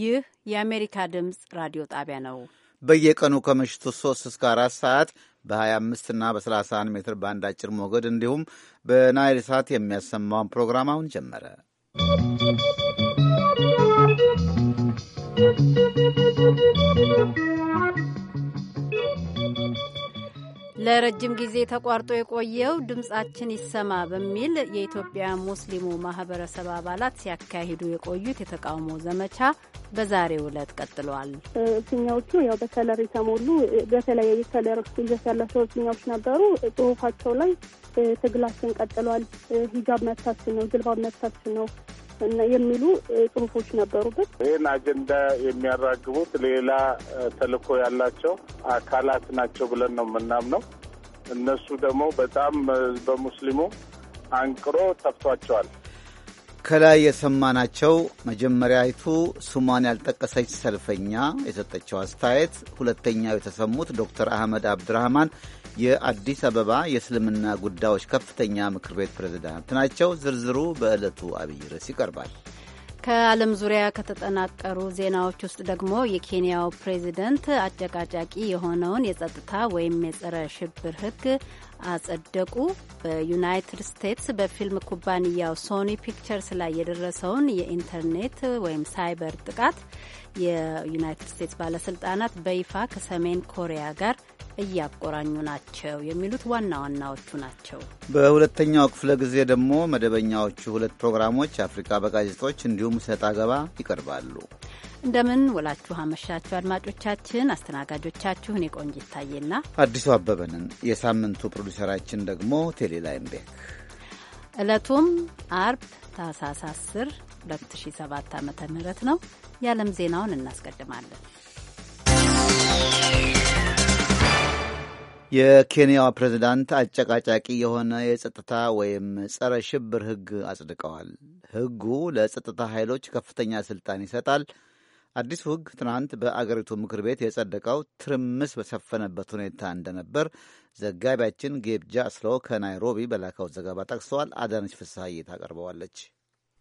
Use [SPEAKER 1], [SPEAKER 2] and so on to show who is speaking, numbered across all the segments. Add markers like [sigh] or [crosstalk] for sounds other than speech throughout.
[SPEAKER 1] ይህ የአሜሪካ ድምፅ ራዲዮ ጣቢያ ነው።
[SPEAKER 2] በየቀኑ ከምሽቱ 3 እስከ 4 ሰዓት በ25 እና በ31 ሜትር ባንድ አጭር ሞገድ እንዲሁም በናይል ሳት የሚያሰማውን ፕሮግራም አሁን ጀመረ።
[SPEAKER 1] ለረጅም ጊዜ ተቋርጦ የቆየው ድምጻችን ይሰማ በሚል የኢትዮጵያ ሙስሊሙ ማህበረሰብ አባላት ሲያካሂዱ የቆዩት የተቃውሞ ዘመቻ በዛሬው ዕለት ቀጥሏል።
[SPEAKER 3] ፊኛዎቹ ያው በከለር የተሞሉ በተለያየ ከለር ይዘት ያላቸው ፊኛዎች ነበሩ። ጽሁፋቸው ላይ ትግላችን ቀጥሏል፣ ሂጃብ መብታችን ነው፣ ጅልባብ መብታችን ነው የሚሉ ጽሁፎች ነበሩበት።
[SPEAKER 4] ይህን አጀንዳ የሚያራግቡት ሌላ ተልእኮ ያላቸው አካላት ናቸው ብለን ነው የምናምነው። እነሱ ደግሞ በጣም በሙስሊሙ አንቅሮ ተፍቷቸዋል።
[SPEAKER 2] ከላይ የሰማናቸው መጀመሪያይቱ ስሟን ያልጠቀሰች ሰልፈኛ የሰጠችው አስተያየት፣ ሁለተኛው የተሰሙት ዶክተር አህመድ አብድራህማን የአዲስ አበባ የእስልምና ጉዳዮች ከፍተኛ ምክር ቤት ፕሬዝዳንት ናቸው። ዝርዝሩ በዕለቱ አብይ ርዕስ ይቀርባል።
[SPEAKER 1] ከዓለም ዙሪያ ከተጠናቀሩ ዜናዎች ውስጥ ደግሞ የኬንያው ፕሬዚደንት አጨቃጫቂ የሆነውን የጸጥታ ወይም የጸረ ሽብር ሕግ አጸደቁ። በዩናይትድ ስቴትስ በፊልም ኩባንያው ሶኒ ፒክቸርስ ላይ የደረሰውን የኢንተርኔት ወይም ሳይበር ጥቃት የዩናይትድ ስቴትስ ባለስልጣናት በይፋ ከሰሜን ኮሪያ ጋር እያቆራኙ ናቸው የሚሉት ዋና ዋናዎቹ ናቸው።
[SPEAKER 2] በሁለተኛው ክፍለ ጊዜ ደግሞ መደበኛዎቹ ሁለት ፕሮግራሞች አፍሪካ በጋዜጦች እንዲሁም ሰጥ ገባ ይቀርባሉ።
[SPEAKER 1] እንደምን ውላችሁ አመሻችሁ አድማጮቻችን። አስተናጋጆቻችሁ እኔ ቆንጅ ይታየና
[SPEAKER 2] አዲሱ አበበንን የሳምንቱ ፕሮዲሰራችን ደግሞ ቴሌላይምቤክ።
[SPEAKER 1] ዕለቱም አርብ ታህሳስ 10 2007 ዓ ም ነው። የዓለም ዜናውን
[SPEAKER 5] እናስቀድማለን።
[SPEAKER 2] የኬንያ ፕሬዝዳንት አጨቃጫቂ የሆነ የጸጥታ ወይም ጸረ ሽብር ህግ አጽድቀዋል። ህጉ ለጸጥታ ኃይሎች ከፍተኛ ስልጣን ይሰጣል። አዲሱ ህግ ትናንት በአገሪቱ ምክር ቤት የጸደቀው ትርምስ በሰፈነበት ሁኔታ እንደነበር ዘጋቢያችን ጌብጃ ስሎ ከናይሮቢ በላከው ዘገባ ጠቅሰዋል። አዳነች ፍስሐዬ ታቀርበዋለች።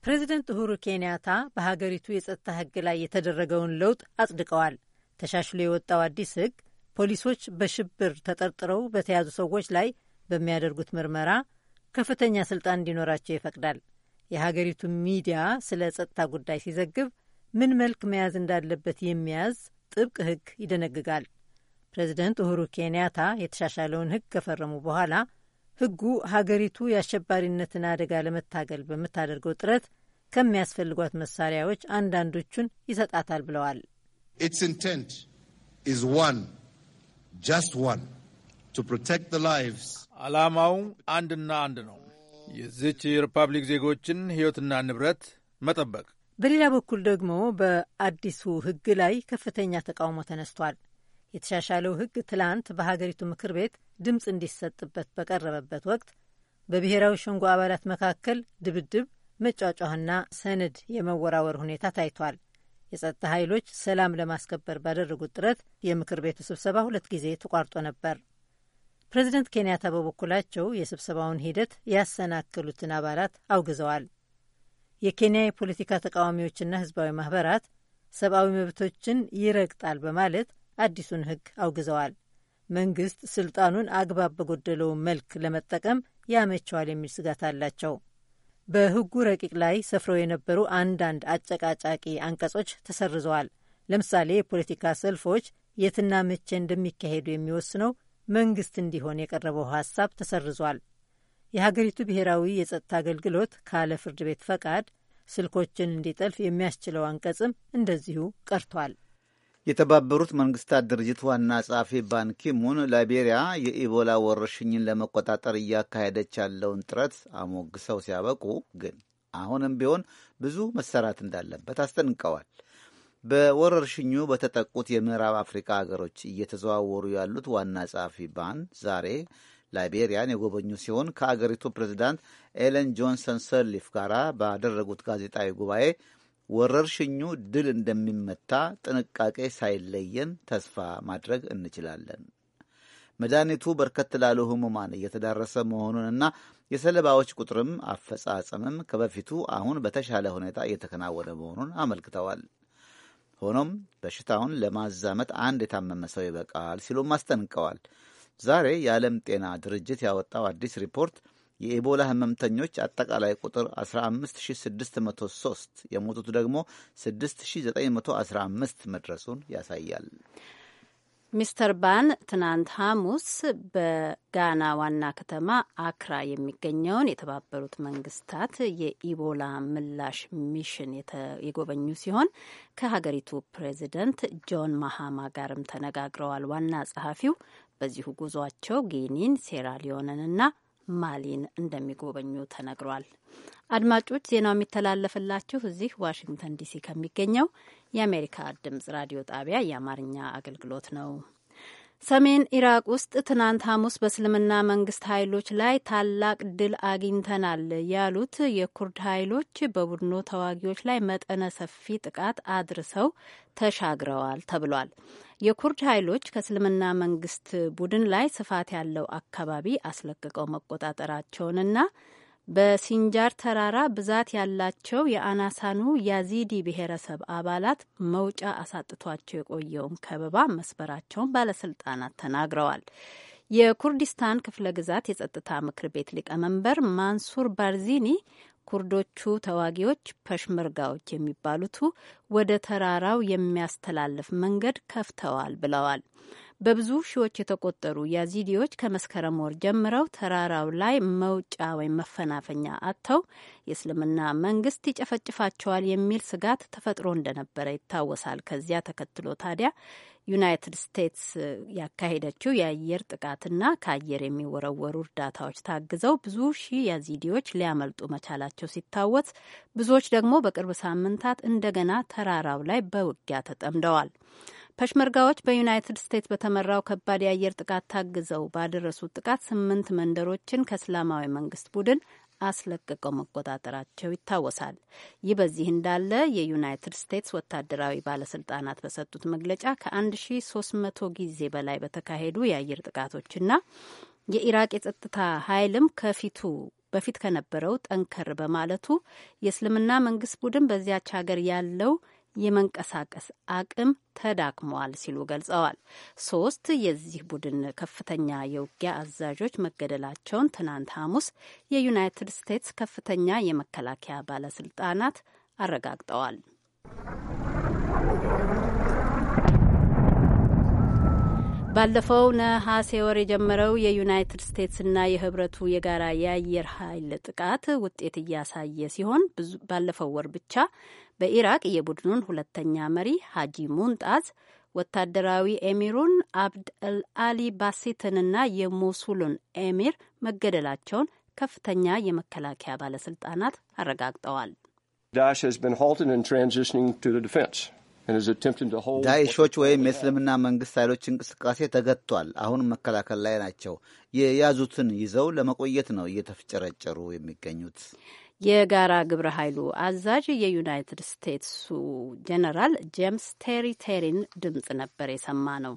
[SPEAKER 6] ፕሬዚደንት ኡሁሩ ኬንያታ በሀገሪቱ የጸጥታ ሕግ ላይ የተደረገውን ለውጥ አጽድቀዋል። ተሻሽሎ የወጣው አዲስ ህግ። ፖሊሶች በሽብር ተጠርጥረው በተያዙ ሰዎች ላይ በሚያደርጉት ምርመራ ከፍተኛ ስልጣን እንዲኖራቸው ይፈቅዳል። የሀገሪቱ ሚዲያ ስለ ጸጥታ ጉዳይ ሲዘግብ ምን መልክ መያዝ እንዳለበት የሚያዝ ጥብቅ ሕግ ይደነግጋል። ፕሬዚደንት ኡሁሩ ኬንያታ የተሻሻለውን ሕግ ከፈረሙ በኋላ ሕጉ ሀገሪቱ የአሸባሪነትን አደጋ ለመታገል በምታደርገው ጥረት ከሚያስፈልጓት መሳሪያዎች አንዳንዶቹን ይሰጣታል ብለዋል።
[SPEAKER 7] ዓላማው አንድና አንድ ነው፣ የዚች
[SPEAKER 8] ሪፐብሊክ ዜጎችን ሕይወትና ንብረት መጠበቅ።
[SPEAKER 6] በሌላ በኩል ደግሞ በአዲሱ ሕግ ላይ ከፍተኛ ተቃውሞ ተነስቷል። የተሻሻለው ሕግ ትላንት በሀገሪቱ ምክር ቤት ድምፅ እንዲሰጥበት በቀረበበት ወቅት በብሔራዊ ሸንጎ አባላት መካከል ድብድብ፣ መጫጫህና ሰነድ የመወራወር ሁኔታ ታይቷል። የጸጥታ ኃይሎች ሰላም ለማስከበር ባደረጉት ጥረት የምክር ቤቱ ስብሰባ ሁለት ጊዜ ተቋርጦ ነበር። ፕሬዚደንት ኬንያታ በበኩላቸው የስብሰባውን ሂደት ያሰናከሉትን አባላት አውግዘዋል። የኬንያ የፖለቲካ ተቃዋሚዎችና ህዝባዊ ማህበራት ሰብአዊ መብቶችን ይረግጣል በማለት አዲሱን ህግ አውግዘዋል። መንግስት ስልጣኑን አግባብ በጎደለው መልክ ለመጠቀም ያመቸዋል የሚል ስጋት አላቸው። በህጉ ረቂቅ ላይ ሰፍረው የነበሩ አንዳንድ አጨቃጫቂ አንቀጾች ተሰርዘዋል። ለምሳሌ የፖለቲካ ሰልፎች የትና መቼ እንደሚካሄዱ የሚወስነው መንግስት እንዲሆን የቀረበው ሀሳብ ተሰርዟል። የሀገሪቱ ብሔራዊ የጸጥታ አገልግሎት ካለ ፍርድ ቤት ፈቃድ ስልኮችን እንዲጠልፍ የሚያስችለው አንቀጽም እንደዚሁ ቀርቷል።
[SPEAKER 2] የተባበሩት መንግስታት ድርጅት ዋና ጸሐፊ ባንኪሙን ላይቤሪያ የኢቦላ ወረርሽኝን ለመቆጣጠር እያካሄደች ያለውን ጥረት አሞግሰው ሲያበቁ ግን አሁንም ቢሆን ብዙ መሰራት እንዳለበት አስጠንቀዋል። በወረርሽኙ በተጠቁት የምዕራብ አፍሪካ ሀገሮች እየተዘዋወሩ ያሉት ዋና ጸሐፊ ባን ዛሬ ላይቤሪያን የጎበኙ ሲሆን ከአገሪቱ ፕሬዚዳንት ኤለን ጆንሰን ሰርሊፍ ጋር ባደረጉት ጋዜጣዊ ጉባኤ ወረርሽኙ ድል እንደሚመታ ጥንቃቄ ሳይለየን ተስፋ ማድረግ እንችላለን። መድኃኒቱ በርከት ላሉ ህሙማን እየተዳረሰ መሆኑንና የሰለባዎች ቁጥርም አፈጻጸምም ከበፊቱ አሁን በተሻለ ሁኔታ እየተከናወነ መሆኑን አመልክተዋል። ሆኖም በሽታውን ለማዛመት አንድ የታመመ ሰው ይበቃል ሲሉም አስጠንቀዋል። ዛሬ የዓለም ጤና ድርጅት ያወጣው አዲስ ሪፖርት የኢቦላ ህመምተኞች አጠቃላይ ቁጥር 15603 የሞቱት ደግሞ 6915 መድረሱን ያሳያል።
[SPEAKER 1] ሚስተር ባን ትናንት ሐሙስ በጋና ዋና ከተማ አክራ የሚገኘውን የተባበሩት መንግስታት የኢቦላ ምላሽ ሚሽን የጎበኙ ሲሆን ከሀገሪቱ ፕሬዚደንት ጆን ማሃማ ጋርም ተነጋግረዋል። ዋና ጸሐፊው በዚሁ ጉዟቸው ጊኒን፣ ሴራሊዮንንና ማሊን እንደሚጎበኙ ተነግሯል። አድማጮች ዜናው የሚተላለፍላችሁ እዚህ ዋሽንግተን ዲሲ ከሚገኘው የአሜሪካ ድምጽ ራዲዮ ጣቢያ የአማርኛ አገልግሎት ነው። ሰሜን ኢራቅ ውስጥ ትናንት ሐሙስ በእስልምና መንግስት ኃይሎች ላይ ታላቅ ድል አግኝተናል ያሉት የኩርድ ኃይሎች በቡድኑ ተዋጊዎች ላይ መጠነ ሰፊ ጥቃት አድርሰው ተሻግረዋል ተብሏል። የኩርድ ኃይሎች ከእስልምና መንግስት ቡድን ላይ ስፋት ያለው አካባቢ አስለቅቀው መቆጣጠራቸውንና በሲንጃር ተራራ ብዛት ያላቸው የአናሳኑ ያዚዲ ብሔረሰብ አባላት መውጫ አሳጥቷቸው የቆየውን ከበባ መስበራቸውን ባለስልጣናት ተናግረዋል። የኩርዲስታን ክፍለ ግዛት የጸጥታ ምክር ቤት ሊቀመንበር ማንሱር ባርዚኒ ኩርዶቹ ተዋጊዎች ፐሽመርጋዎች የሚባሉቱ ወደ ተራራው የሚያስተላልፍ መንገድ ከፍተዋል ብለዋል። በብዙ ሺዎች የተቆጠሩ ያዚዲዎች ከመስከረም ወር ጀምረው ተራራው ላይ መውጫ ወይም መፈናፈኛ አጥተው የእስልምና መንግስት ይጨፈጭፋቸዋል የሚል ስጋት ተፈጥሮ እንደነበረ ይታወሳል። ከዚያ ተከትሎ ታዲያ ዩናይትድ ስቴትስ ያካሄደችው የአየር ጥቃትና ከአየር የሚወረወሩ እርዳታዎች ታግዘው ብዙ ሺህ ያዚዲዎች ሊያመልጡ መቻላቸው ሲታወስ፣ ብዙዎች ደግሞ በቅርብ ሳምንታት እንደገና ተራራው ላይ በውጊያ ተጠምደዋል። ፐሽመርጋዎች በዩናይትድ ስቴትስ በተመራው ከባድ የአየር ጥቃት ታግዘው ባደረሱት ጥቃት ስምንት መንደሮችን ከእስላማዊ መንግስት ቡድን አስለቅቀው መቆጣጠራቸው ይታወሳል። ይህ በዚህ እንዳለ የዩናይትድ ስቴትስ ወታደራዊ ባለስልጣናት በሰጡት መግለጫ ከ1300 ጊዜ በላይ በተካሄዱ የአየር ጥቃቶችና የኢራቅ የጸጥታ ኃይልም ከፊቱ በፊት ከነበረው ጠንከር በማለቱ የእስልምና መንግስት ቡድን በዚያች ሀገር ያለው የመንቀሳቀስ አቅም ተዳክሟል ሲሉ ገልጸዋል። ሶስት የዚህ ቡድን ከፍተኛ የውጊያ አዛዦች መገደላቸውን ትናንት ሐሙስ የዩናይትድ ስቴትስ ከፍተኛ የመከላከያ ባለስልጣናት አረጋግጠዋል። ባለፈው ነሐሴ ወር የጀመረው የዩናይትድ ስቴትስና የህብረቱ የጋራ የአየር ኃይል ጥቃት ውጤት እያሳየ ሲሆን ባለፈው ወር ብቻ በኢራቅ የቡድኑን ሁለተኛ መሪ ሀጂ ሙንጣዝ ወታደራዊ ኤሚሩን አብድ አሊ ባሲትንና የሞሱሉን ኤሚር መገደላቸውን ከፍተኛ የመከላከያ ባለስልጣናት
[SPEAKER 9] አረጋግጠዋል። ዳይሾች ወይም የእስልምና
[SPEAKER 2] መንግስት ኃይሎች እንቅስቃሴ ተገጥቷል። አሁን መከላከል ላይ ናቸው። የያዙትን ይዘው ለመቆየት ነው እየተፍጨረጨሩ የሚገኙት።
[SPEAKER 1] የጋራ ግብረ ኃይሉ አዛዥ የዩናይትድ ስቴትሱ ጀነራል ጄምስ ቴሪ ቴሪን ድምጽ ነበር የሰማ ነው።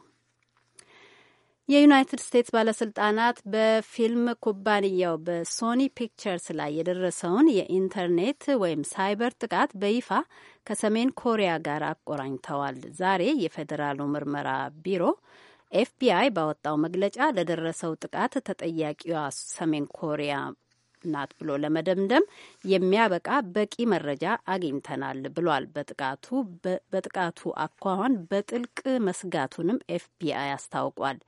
[SPEAKER 1] የዩናይትድ ስቴትስ ባለስልጣናት በፊልም ኩባንያው በሶኒ ፒክቸርስ ላይ የደረሰውን የኢንተርኔት ወይም ሳይበር ጥቃት በይፋ ከሰሜን ኮሪያ ጋር አቆራኝተዋል። ዛሬ የፌዴራሉ ምርመራ ቢሮ ኤፍቢአይ ባወጣው መግለጫ ለደረሰው ጥቃት ተጠያቂዋ ሰሜን ኮሪያ ናት ብሎ ለመደምደም የሚያበቃ በቂ መረጃ አግኝተናል ብሏል። በጥቃቱ አኳኋን በጥልቅ መስጋቱንም ኤፍቢአይ አስታውቋል።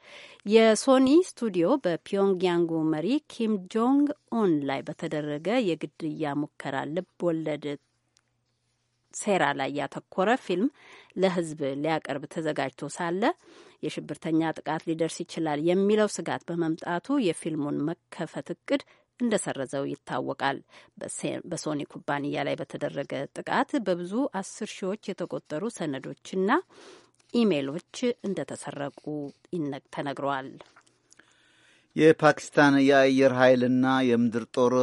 [SPEAKER 1] የሶኒ ስቱዲዮ በፒዮንግያንጉ መሪ ኪም ጆንግ ኡን ላይ በተደረገ የግድያ ሙከራ ልብ ወለድ ሴራ ላይ ያተኮረ ፊልም ለሕዝብ ሊያቀርብ ተዘጋጅቶ ሳለ የሽብርተኛ ጥቃት ሊደርስ ይችላል የሚለው ስጋት በመምጣቱ የፊልሙን መከፈት እቅድ እንደሰረዘው ይታወቃል። በሶኒ ኩባንያ ላይ በተደረገ ጥቃት በብዙ አስር ሺዎች የተቆጠሩ ሰነዶችና ኢሜሎች እንደተሰረቁ ተነግረዋል።
[SPEAKER 2] የፓኪስታን የአየር ኃይልና የምድር ጦር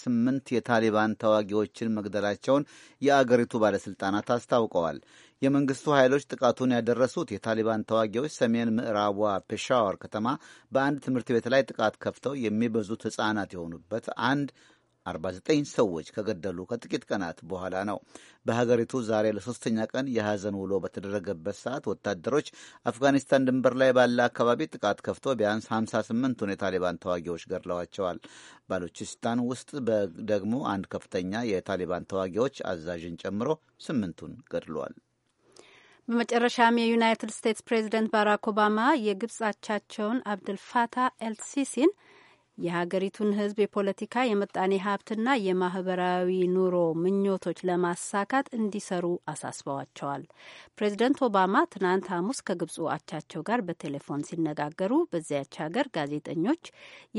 [SPEAKER 2] ስምንት የታሊባን ተዋጊዎችን መግደላቸውን የአገሪቱ ባለሥልጣናት አስታውቀዋል። የመንግስቱ ኃይሎች ጥቃቱን ያደረሱት የታሊባን ተዋጊዎች ሰሜን ምዕራቧ ፔሻወር ከተማ በአንድ ትምህርት ቤት ላይ ጥቃት ከፍተው የሚበዙት ሕፃናት የሆኑበት አንድ 49 ሰዎች ከገደሉ ከጥቂት ቀናት በኋላ ነው። በሀገሪቱ ዛሬ ለሶስተኛ ቀን የሐዘን ውሎ በተደረገበት ሰዓት ወታደሮች አፍጋኒስታን ድንበር ላይ ባለ አካባቢ ጥቃት ከፍቶ ቢያንስ 58ቱን የታሊባን ተዋጊዎች ገድለዋቸዋል። ባሎችስታን ውስጥ ደግሞ አንድ ከፍተኛ የታሊባን ተዋጊዎች አዛዥን ጨምሮ ስምንቱን ገድለዋል።
[SPEAKER 1] በመጨረሻም የዩናይትድ ስቴትስ ፕሬዚደንት ባራክ ኦባማ የግብጽ አቻቸውን ኤልሲሲን የሀገሪቱን ሕዝብ የፖለቲካ የመጣኔ ሀብትና የማህበራዊ ኑሮ ምኞቶች ለማሳካት እንዲሰሩ አሳስበዋቸዋል። ፕሬዝደንት ኦባማ ትናንት ሐሙስ ከግብፁ አቻቸው ጋር በቴሌፎን ሲነጋገሩ በዚያች ሀገር ጋዜጠኞች፣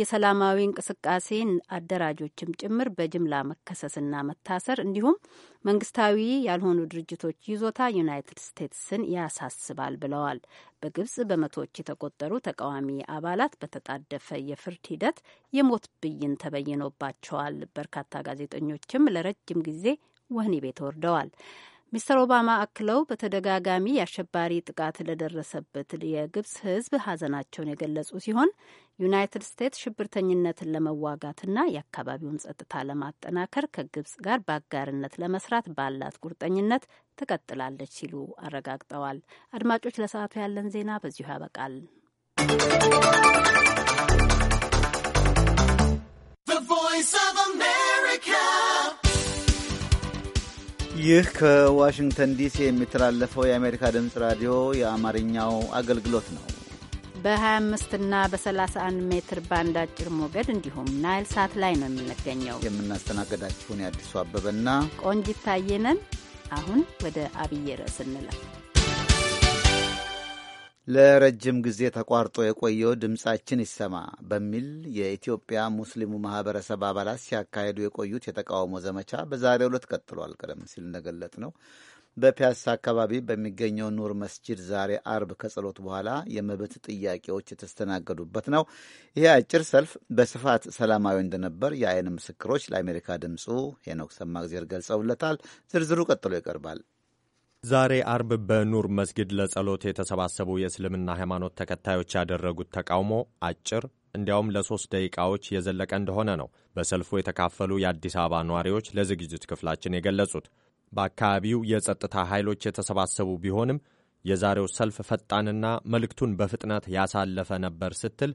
[SPEAKER 1] የሰላማዊ እንቅስቃሴ አደራጆችም ጭምር በጅምላ መከሰስና መታሰር እንዲሁም መንግስታዊ ያልሆኑ ድርጅቶች ይዞታ ዩናይትድ ስቴትስን ያሳስባል ብለዋል። በግብጽ በመቶዎች የተቆጠሩ ተቃዋሚ አባላት በተጣደፈ የፍርድ ሂደት የሞት ብይን ተበይኖባቸዋል። በርካታ ጋዜጠኞችም ለረጅም ጊዜ ወህኒ ቤት ወርደዋል። ሚስተር ኦባማ አክለው በተደጋጋሚ የአሸባሪ ጥቃት ለደረሰበት የግብጽ ሕዝብ ሀዘናቸውን የገለጹ ሲሆን ዩናይትድ ስቴትስ ሽብርተኝነትን ለመዋጋትና የአካባቢውን ጸጥታ ለማጠናከር ከግብጽ ጋር በአጋርነት ለመስራት ባላት ቁርጠኝነት ትቀጥላለች ሲሉ አረጋግጠዋል። አድማጮች፣ ለሰዓቱ ያለን ዜና በዚሁ ያበቃል።
[SPEAKER 5] ቮይስ ኦፍ አሜሪካ
[SPEAKER 2] ይህ ከዋሽንግተን ዲሲ የሚተላለፈው የአሜሪካ ድምፅ ራዲዮ የአማርኛው አገልግሎት ነው።
[SPEAKER 1] በ25 እና በ31 ሜትር ባንድ አጭር ሞገድ እንዲሁም ናይል ሳት ላይ ነው የምንገኘው።
[SPEAKER 2] የምናስተናግዳችሁን የአዲሱ አበበና
[SPEAKER 1] ቆንጂት ታየነን። አሁን ወደ አብይ ርዕስ እንላል።
[SPEAKER 2] ለረጅም ጊዜ ተቋርጦ የቆየው ድምፃችን ይሰማ በሚል የኢትዮጵያ ሙስሊሙ ማህበረሰብ አባላት ሲያካሄዱ የቆዩት የተቃውሞ ዘመቻ በዛሬው ዕለት ቀጥሏል። ቀደም ሲል እንደገለጥ ነው በፒያሳ አካባቢ በሚገኘው ኑር መስጂድ ዛሬ አርብ ከጸሎት በኋላ የመብት ጥያቄዎች የተስተናገዱበት ነው። ይህ አጭር ሰልፍ በስፋት ሰላማዊ እንደነበር የአይን ምስክሮች ለአሜሪካ ድምፁ ሄኖክ ሰማግዜር ገልጸውለታል። ዝርዝሩ ቀጥሎ ይቀርባል።
[SPEAKER 10] ዛሬ አርብ በኑር መስጊድ ለጸሎት የተሰባሰቡ የእስልምና ሃይማኖት ተከታዮች ያደረጉት ተቃውሞ አጭር እንዲያውም ለሶስት ደቂቃዎች የዘለቀ እንደሆነ ነው በሰልፉ የተካፈሉ የአዲስ አበባ ነዋሪዎች ለዝግጅት ክፍላችን የገለጹት። በአካባቢው የጸጥታ ኃይሎች የተሰባሰቡ ቢሆንም የዛሬው ሰልፍ ፈጣንና መልእክቱን በፍጥነት ያሳለፈ ነበር ስትል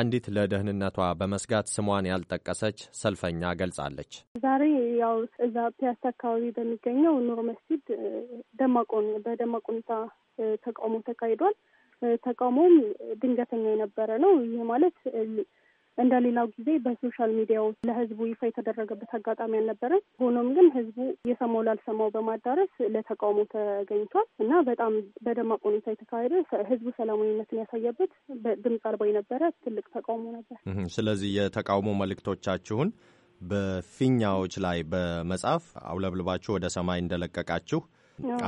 [SPEAKER 10] አንዲት ለደህንነቷ በመስጋት ስሟን ያልጠቀሰች ሰልፈኛ ገልጻለች።
[SPEAKER 3] ዛሬ ያው እዛ ፒያሳ አካባቢ በሚገኘው ኑር መስጊድ ደማቆን በደማቅ ሁኔታ ተቃውሞ ተካሂዷል። ተቃውሞም ድንገተኛ የነበረ ነው። ይህ ማለት እንደ ሌላው ጊዜ በሶሻል ሚዲያ ውስጥ ለህዝቡ ይፋ የተደረገበት አጋጣሚ አልነበረም። ሆኖም ግን ህዝቡ የሰማው ላልሰማው በማዳረስ ለተቃውሞ ተገኝቷል እና በጣም በደማቅ ሁኔታ የተካሄደ ህዝቡ ሰላማዊነትን ያሳየበት ድምፅ አልባ የነበረ ትልቅ ተቃውሞ
[SPEAKER 5] ነበር።
[SPEAKER 10] ስለዚህ የተቃውሞ መልእክቶቻችሁን በፊኛዎች ላይ በመጻፍ አውለብልባችሁ ወደ ሰማይ እንደለቀቃችሁ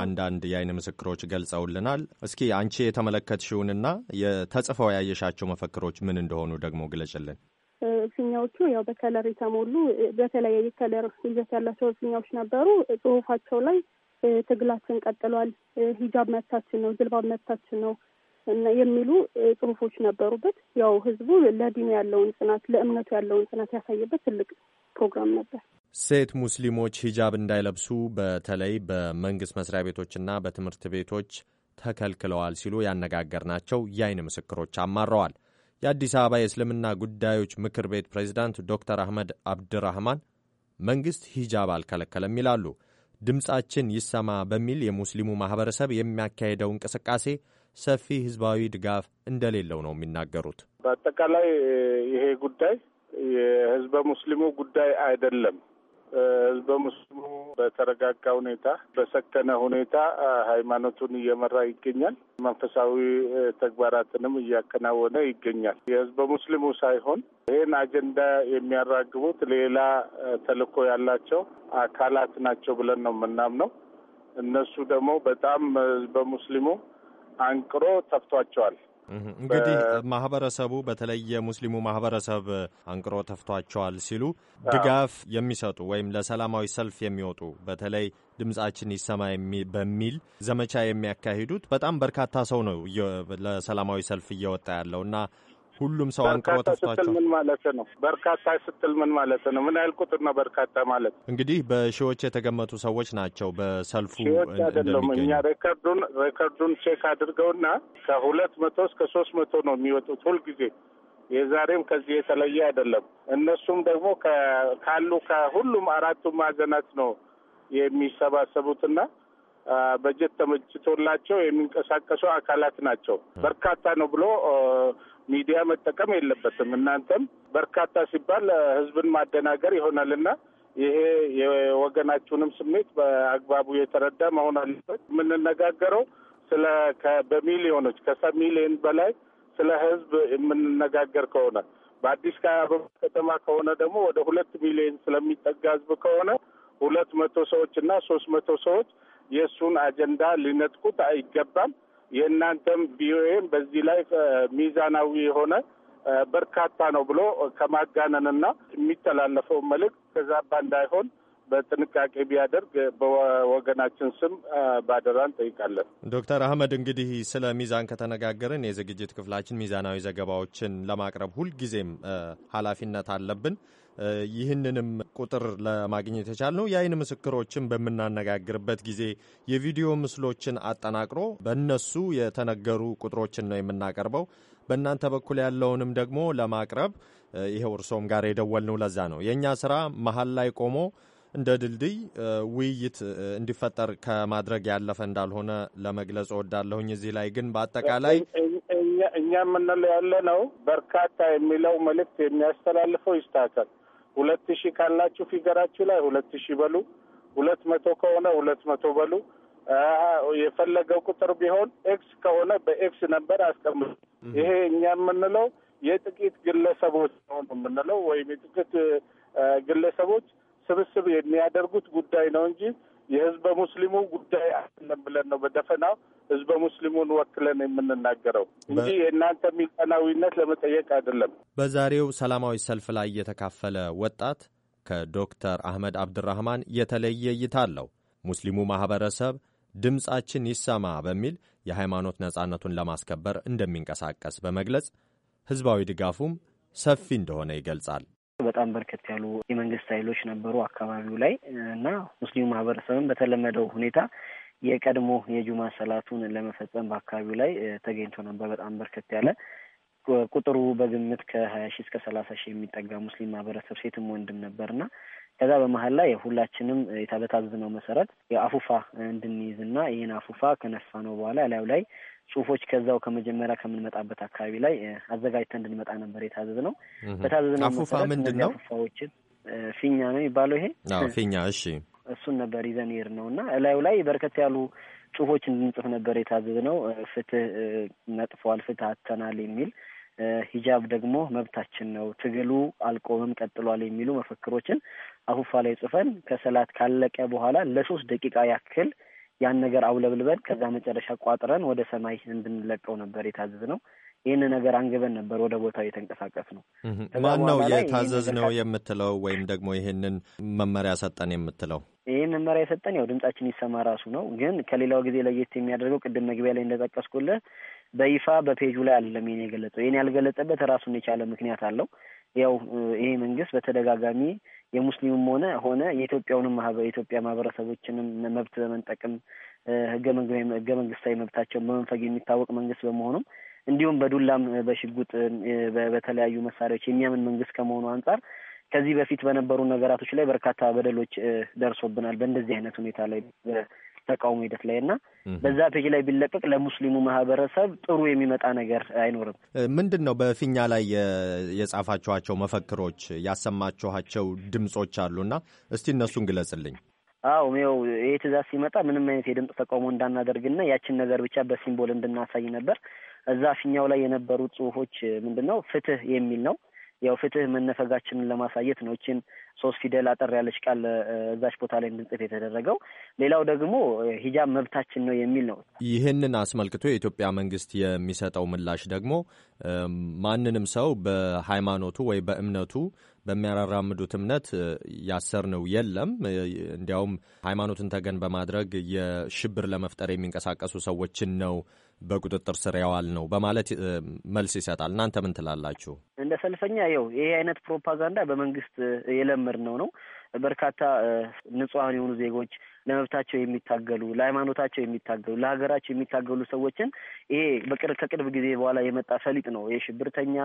[SPEAKER 10] አንዳንድ የአይን ምስክሮች ገልጸውልናል። እስኪ አንቺ የተመለከትሽውንና የተጽፈው ያየሻቸው መፈክሮች ምን እንደሆኑ ደግሞ ግለጭልን።
[SPEAKER 3] ፊኛዎቹ ያው በከለር የተሞሉ በተለያየ ከለር ይዘት ያላቸው ፊኛዎች ነበሩ። ጽሁፋቸው ላይ ትግላችን ቀጥሏል፣ ሂጃብ መብታችን ነው፣ ጅልባብ መብታችን ነው የሚሉ ጽሁፎች ነበሩበት። ያው ህዝቡ ለዲን ያለውን ጽናት፣ ለእምነቱ ያለውን ጽናት ያሳየበት ትልቅ ፕሮግራም ነበር።
[SPEAKER 10] ሴት ሙስሊሞች ሂጃብ እንዳይለብሱ በተለይ በመንግሥት መስሪያ ቤቶችና በትምህርት ቤቶች ተከልክለዋል ሲሉ ያነጋገርናቸው የአይን ምስክሮች አማረዋል። የአዲስ አበባ የእስልምና ጉዳዮች ምክር ቤት ፕሬዚዳንት ዶክተር አህመድ አብድራህማን መንግሥት ሂጃብ አልከለከለም ይላሉ። ድምፃችን ይሰማ በሚል የሙስሊሙ ማኅበረሰብ የሚያካሄደው እንቅስቃሴ ሰፊ ህዝባዊ ድጋፍ እንደሌለው ነው የሚናገሩት።
[SPEAKER 4] በአጠቃላይ ይሄ ጉዳይ የህዝበ ሙስሊሙ ጉዳይ አይደለም። ህዝበ ሙስሊሙ በተረጋጋ ሁኔታ በሰከነ ሁኔታ ሃይማኖቱን እየመራ ይገኛል። መንፈሳዊ ተግባራትንም እያከናወነ ይገኛል። የህዝበ ሙስሊሙ ሳይሆን ይህን አጀንዳ የሚያራግቡት ሌላ ተልዕኮ ያላቸው አካላት ናቸው ብለን ነው የምናምነው። እነሱ ደግሞ በጣም ህዝበ ሙስሊሙ አንቅሮ ተፍቷቸዋል።
[SPEAKER 10] እንግዲህ ማህበረሰቡ በተለይ የሙስሊሙ ማህበረሰብ አንቅሮ ተፍቷቸዋል ሲሉ ድጋፍ የሚሰጡ ወይም ለሰላማዊ ሰልፍ የሚወጡ በተለይ ድምጻችን ይሰማ በሚል ዘመቻ የሚያካሂዱት በጣም በርካታ ሰው ነው ለሰላማዊ ሰልፍ እየወጣ ያለው እና ሁሉም ሰው አንቅሮ ተፍቷቸው
[SPEAKER 4] ምን ማለት ነው? በርካታ ስትል ምን ማለት ነው? ምን ያህል ቁጥር ነው በርካታ ማለት?
[SPEAKER 10] እንግዲህ በሺዎች የተገመቱ ሰዎች ናቸው በሰልፉ አይደለም። እኛ
[SPEAKER 4] ሬከርዱን ሬከርዱን ቼክ አድርገውና ከሁለት መቶ እስከ ሶስት መቶ ነው የሚወጡት ሁልጊዜ የዛሬም ከዚህ የተለየ አይደለም። እነሱም ደግሞ ካሉ ከሁሉም አራቱ ማዕዘናት ነው የሚሰባሰቡትና በጀት ተመችቶላቸው የሚንቀሳቀሱ አካላት ናቸው። በርካታ ነው ብሎ ሚዲያ መጠቀም የለበትም። እናንተም በርካታ ሲባል ህዝብን ማደናገር ይሆናልና ይሄ የወገናችሁንም ስሜት በአግባቡ የተረዳ መሆን አለበት። የምንነጋገረው ስለ በሚሊዮኖች ከሰ ሚሊዮን በላይ ስለ ህዝብ የምንነጋገር ከሆነ በአዲስ አበባ ከተማ ከሆነ ደግሞ ወደ ሁለት ሚሊዮን ስለሚጠጋ ህዝብ ከሆነ ሁለት መቶ ሰዎች እና ሶስት መቶ ሰዎች የእሱን አጀንዳ ሊነጥቁት አይገባም። የእናንተም ቪኦኤም በዚህ ላይ ሚዛናዊ የሆነ በርካታ ነው ብሎ ከማጋነንና የሚተላለፈው መልእክት ከዛባ እንዳይሆን በጥንቃቄ ቢያደርግ በወገናችን ስም ባደራ እንጠይቃለን።
[SPEAKER 10] ዶክተር አህመድ እንግዲህ ስለ ሚዛን ከተነጋገርን የዝግጅት ክፍላችን ሚዛናዊ ዘገባዎችን ለማቅረብ ሁልጊዜም ኃላፊነት አለብን። ይህንንም ቁጥር ለማግኘት የቻልነው የአይን ምስክሮችን በምናነጋግርበት ጊዜ የቪዲዮ ምስሎችን አጠናቅሮ በእነሱ የተነገሩ ቁጥሮችን ነው የምናቀርበው። በእናንተ በኩል ያለውንም ደግሞ ለማቅረብ ይኸው እርሶም ጋር የደወልነው ለዛ ነው። የእኛ ስራ መሀል ላይ ቆሞ እንደ ድልድይ ውይይት እንዲፈጠር ከማድረግ ያለፈ እንዳልሆነ ለመግለጽ እወዳለሁኝ። እዚህ ላይ ግን በአጠቃላይ
[SPEAKER 4] እኛ የምንለው ያለ ነው በርካታ የሚለው መልእክት የሚያስተላልፈው ይስተካከል። ሁለት ሺህ ካላችሁ ፊገራችሁ ላይ ሁለት ሺህ በሉ፣ ሁለት መቶ ከሆነ ሁለት መቶ በሉ፣ የፈለገው ቁጥር ቢሆን ኤክስ ከሆነ በኤክስ ነበር አስቀምጡ። ይሄ እኛ የምንለው የጥቂት ግለሰቦች ነው የምንለው ወይም የጥቂት ግለሰቦች ስብስብ የሚያደርጉት ጉዳይ ነው እንጂ የህዝበ ሙስሊሙ ጉዳይ አይደለም ብለን ነው በደፈናው ህዝበ ሙስሊሙን ወክለን የምንናገረው እንጂ የእናንተ ሚዛናዊነት ለመጠየቅ አይደለም።
[SPEAKER 10] በዛሬው ሰላማዊ ሰልፍ ላይ የተካፈለ ወጣት ከዶክተር አህመድ አብድራህማን የተለየ እይታ አለው። ሙስሊሙ ማህበረሰብ ድምፃችን ይሰማ በሚል የሃይማኖት ነጻነቱን ለማስከበር እንደሚንቀሳቀስ በመግለጽ ህዝባዊ ድጋፉም ሰፊ እንደሆነ ይገልጻል።
[SPEAKER 11] በጣም በርከት ያሉ የመንግስት ኃይሎች ነበሩ አካባቢው ላይ እና ሙስሊሙ ማህበረሰብን በተለመደው ሁኔታ የቀድሞ የጁማ ሰላቱን ለመፈጸም በአካባቢው ላይ ተገኝቶ ነበር። በጣም በርከት ያለ ቁጥሩ በግምት ከሀያ ሺህ እስከ ሰላሳ ሺህ የሚጠጋ ሙስሊም ማህበረሰብ ሴትም ወንድም ነበርና ከዛ በመሀል ላይ ሁላችንም በታዘዝነው መሰረት የአፉፋ እንድንይዝና ይህን አፉፋ ከነፋ ነው በኋላ ላዩ ላይ ጽሁፎች ከዛው ከመጀመሪያ ከምንመጣበት አካባቢ ላይ አዘጋጅተን እንድንመጣ ነበር የታዘዝ ነው።
[SPEAKER 10] በታዘዝ ነው አፉፋ ምንድን ነው?
[SPEAKER 11] አፉፋዎችን ፊኛ ነው የሚባለው ይሄ ፊኛ። እሺ እሱን ነበር ይዘን ይር ነው እና እላዩ ላይ በርከት ያሉ ጽሁፎች እንድንጽፍ ነበር የታዘዝ ነው። ፍትህ ነጥፏል፣ ፍትህ አተናል የሚል ሂጃብ ደግሞ መብታችን ነው፣ ትግሉ አልቆምም ቀጥሏል የሚሉ መፈክሮችን አፉፋ ላይ ጽፈን ከሰላት ካለቀ በኋላ ለሶስት ደቂቃ ያክል ያን ነገር አውለብልበን ከዛ መጨረሻ ቋጥረን ወደ ሰማይ እንድንለቀው ነበር የታዘዝ ነው። ይህን ነገር አንግበን ነበር ወደ ቦታው የተንቀሳቀስ ነው።
[SPEAKER 10] ማን ነው የታዘዝ ነው የምትለው? ወይም ደግሞ ይህንን መመሪያ ሰጠን የምትለው?
[SPEAKER 11] ይህን መመሪያ የሰጠን ያው ድምጻችን ይሰማ ራሱ ነው። ግን ከሌላው ጊዜ ለየት የሚያደርገው ቅድም መግቢያ ላይ እንደጠቀስኩልህ በይፋ በፔጁ ላይ አይደለም ይሄን የገለጸው። ይህን ያልገለጸበት ራሱን የቻለ ምክንያት አለው። ያው ይሄ መንግስት በተደጋጋሚ የሙስሊሙም ሆነ ሆነ የኢትዮጵያውንም የኢትዮጵያ ማህበረሰቦችንም መብት በመንጠቅም ህገ መንግስታዊ መብታቸውን በመንፈግ የሚታወቅ መንግስት በመሆኑም እንዲሁም በዱላም በሽጉጥ በተለያዩ መሳሪያዎች የሚያምን መንግስት ከመሆኑ አንጻር ከዚህ በፊት በነበሩ ነገራቶች ላይ በርካታ በደሎች ደርሶብናል። በእንደዚህ አይነት ሁኔታ ላይ ተቃውሞ ሂደት ላይ እና በዛ ፔጅ ላይ ቢለቀቅ ለሙስሊሙ ማህበረሰብ ጥሩ የሚመጣ ነገር አይኖርም።
[SPEAKER 10] ምንድን ነው በፊኛ ላይ የጻፋችኋቸው መፈክሮች ያሰማችኋቸው ድምጾች አሉና እስቲ እነሱን ግለጽልኝ።
[SPEAKER 11] አዎ ው ይሄ ትእዛዝ ሲመጣ ምንም አይነት የድምፅ ተቃውሞ እንዳናደርግና ያችን ነገር ብቻ በሲምቦል እንድናሳይ ነበር። እዛ ፊኛው ላይ የነበሩ ጽሁፎች ምንድን ነው? ፍትህ የሚል ነው። ያው ፍትህ መነፈጋችንን ለማሳየት ነው እችን ሶስት ፊደል አጠር ያለች ቃል እዛች ቦታ ላይ እንድንጽፍ የተደረገው። ሌላው ደግሞ ሂጃብ መብታችን ነው የሚል ነው።
[SPEAKER 10] ይህንን አስመልክቶ የኢትዮጵያ መንግስት የሚሰጠው ምላሽ ደግሞ ማንንም ሰው በሃይማኖቱ ወይ በእምነቱ በሚያራምዱት እምነት ያሰር ነው የለም። እንዲያውም ሃይማኖትን ተገን በማድረግ የሽብር ለመፍጠር የሚንቀሳቀሱ ሰዎችን ነው በቁጥጥር ስር ያዋል ነው በማለት መልስ ይሰጣል። እናንተ ምን ትላላችሁ?
[SPEAKER 11] እንደ ሰልፈኛ ይኸው ይሄ አይነት ፕሮፓጋንዳ በመንግስት የለመድ ነው ነው በርካታ ንጹሐን የሆኑ ዜጎች ለመብታቸው የሚታገሉ ለሃይማኖታቸው የሚታገሉ ለሀገራቸው የሚታገሉ ሰዎችን ይሄ ከቅርብ ጊዜ በኋላ የመጣ ፈሊጥ ነው። የሽብርተኛ፣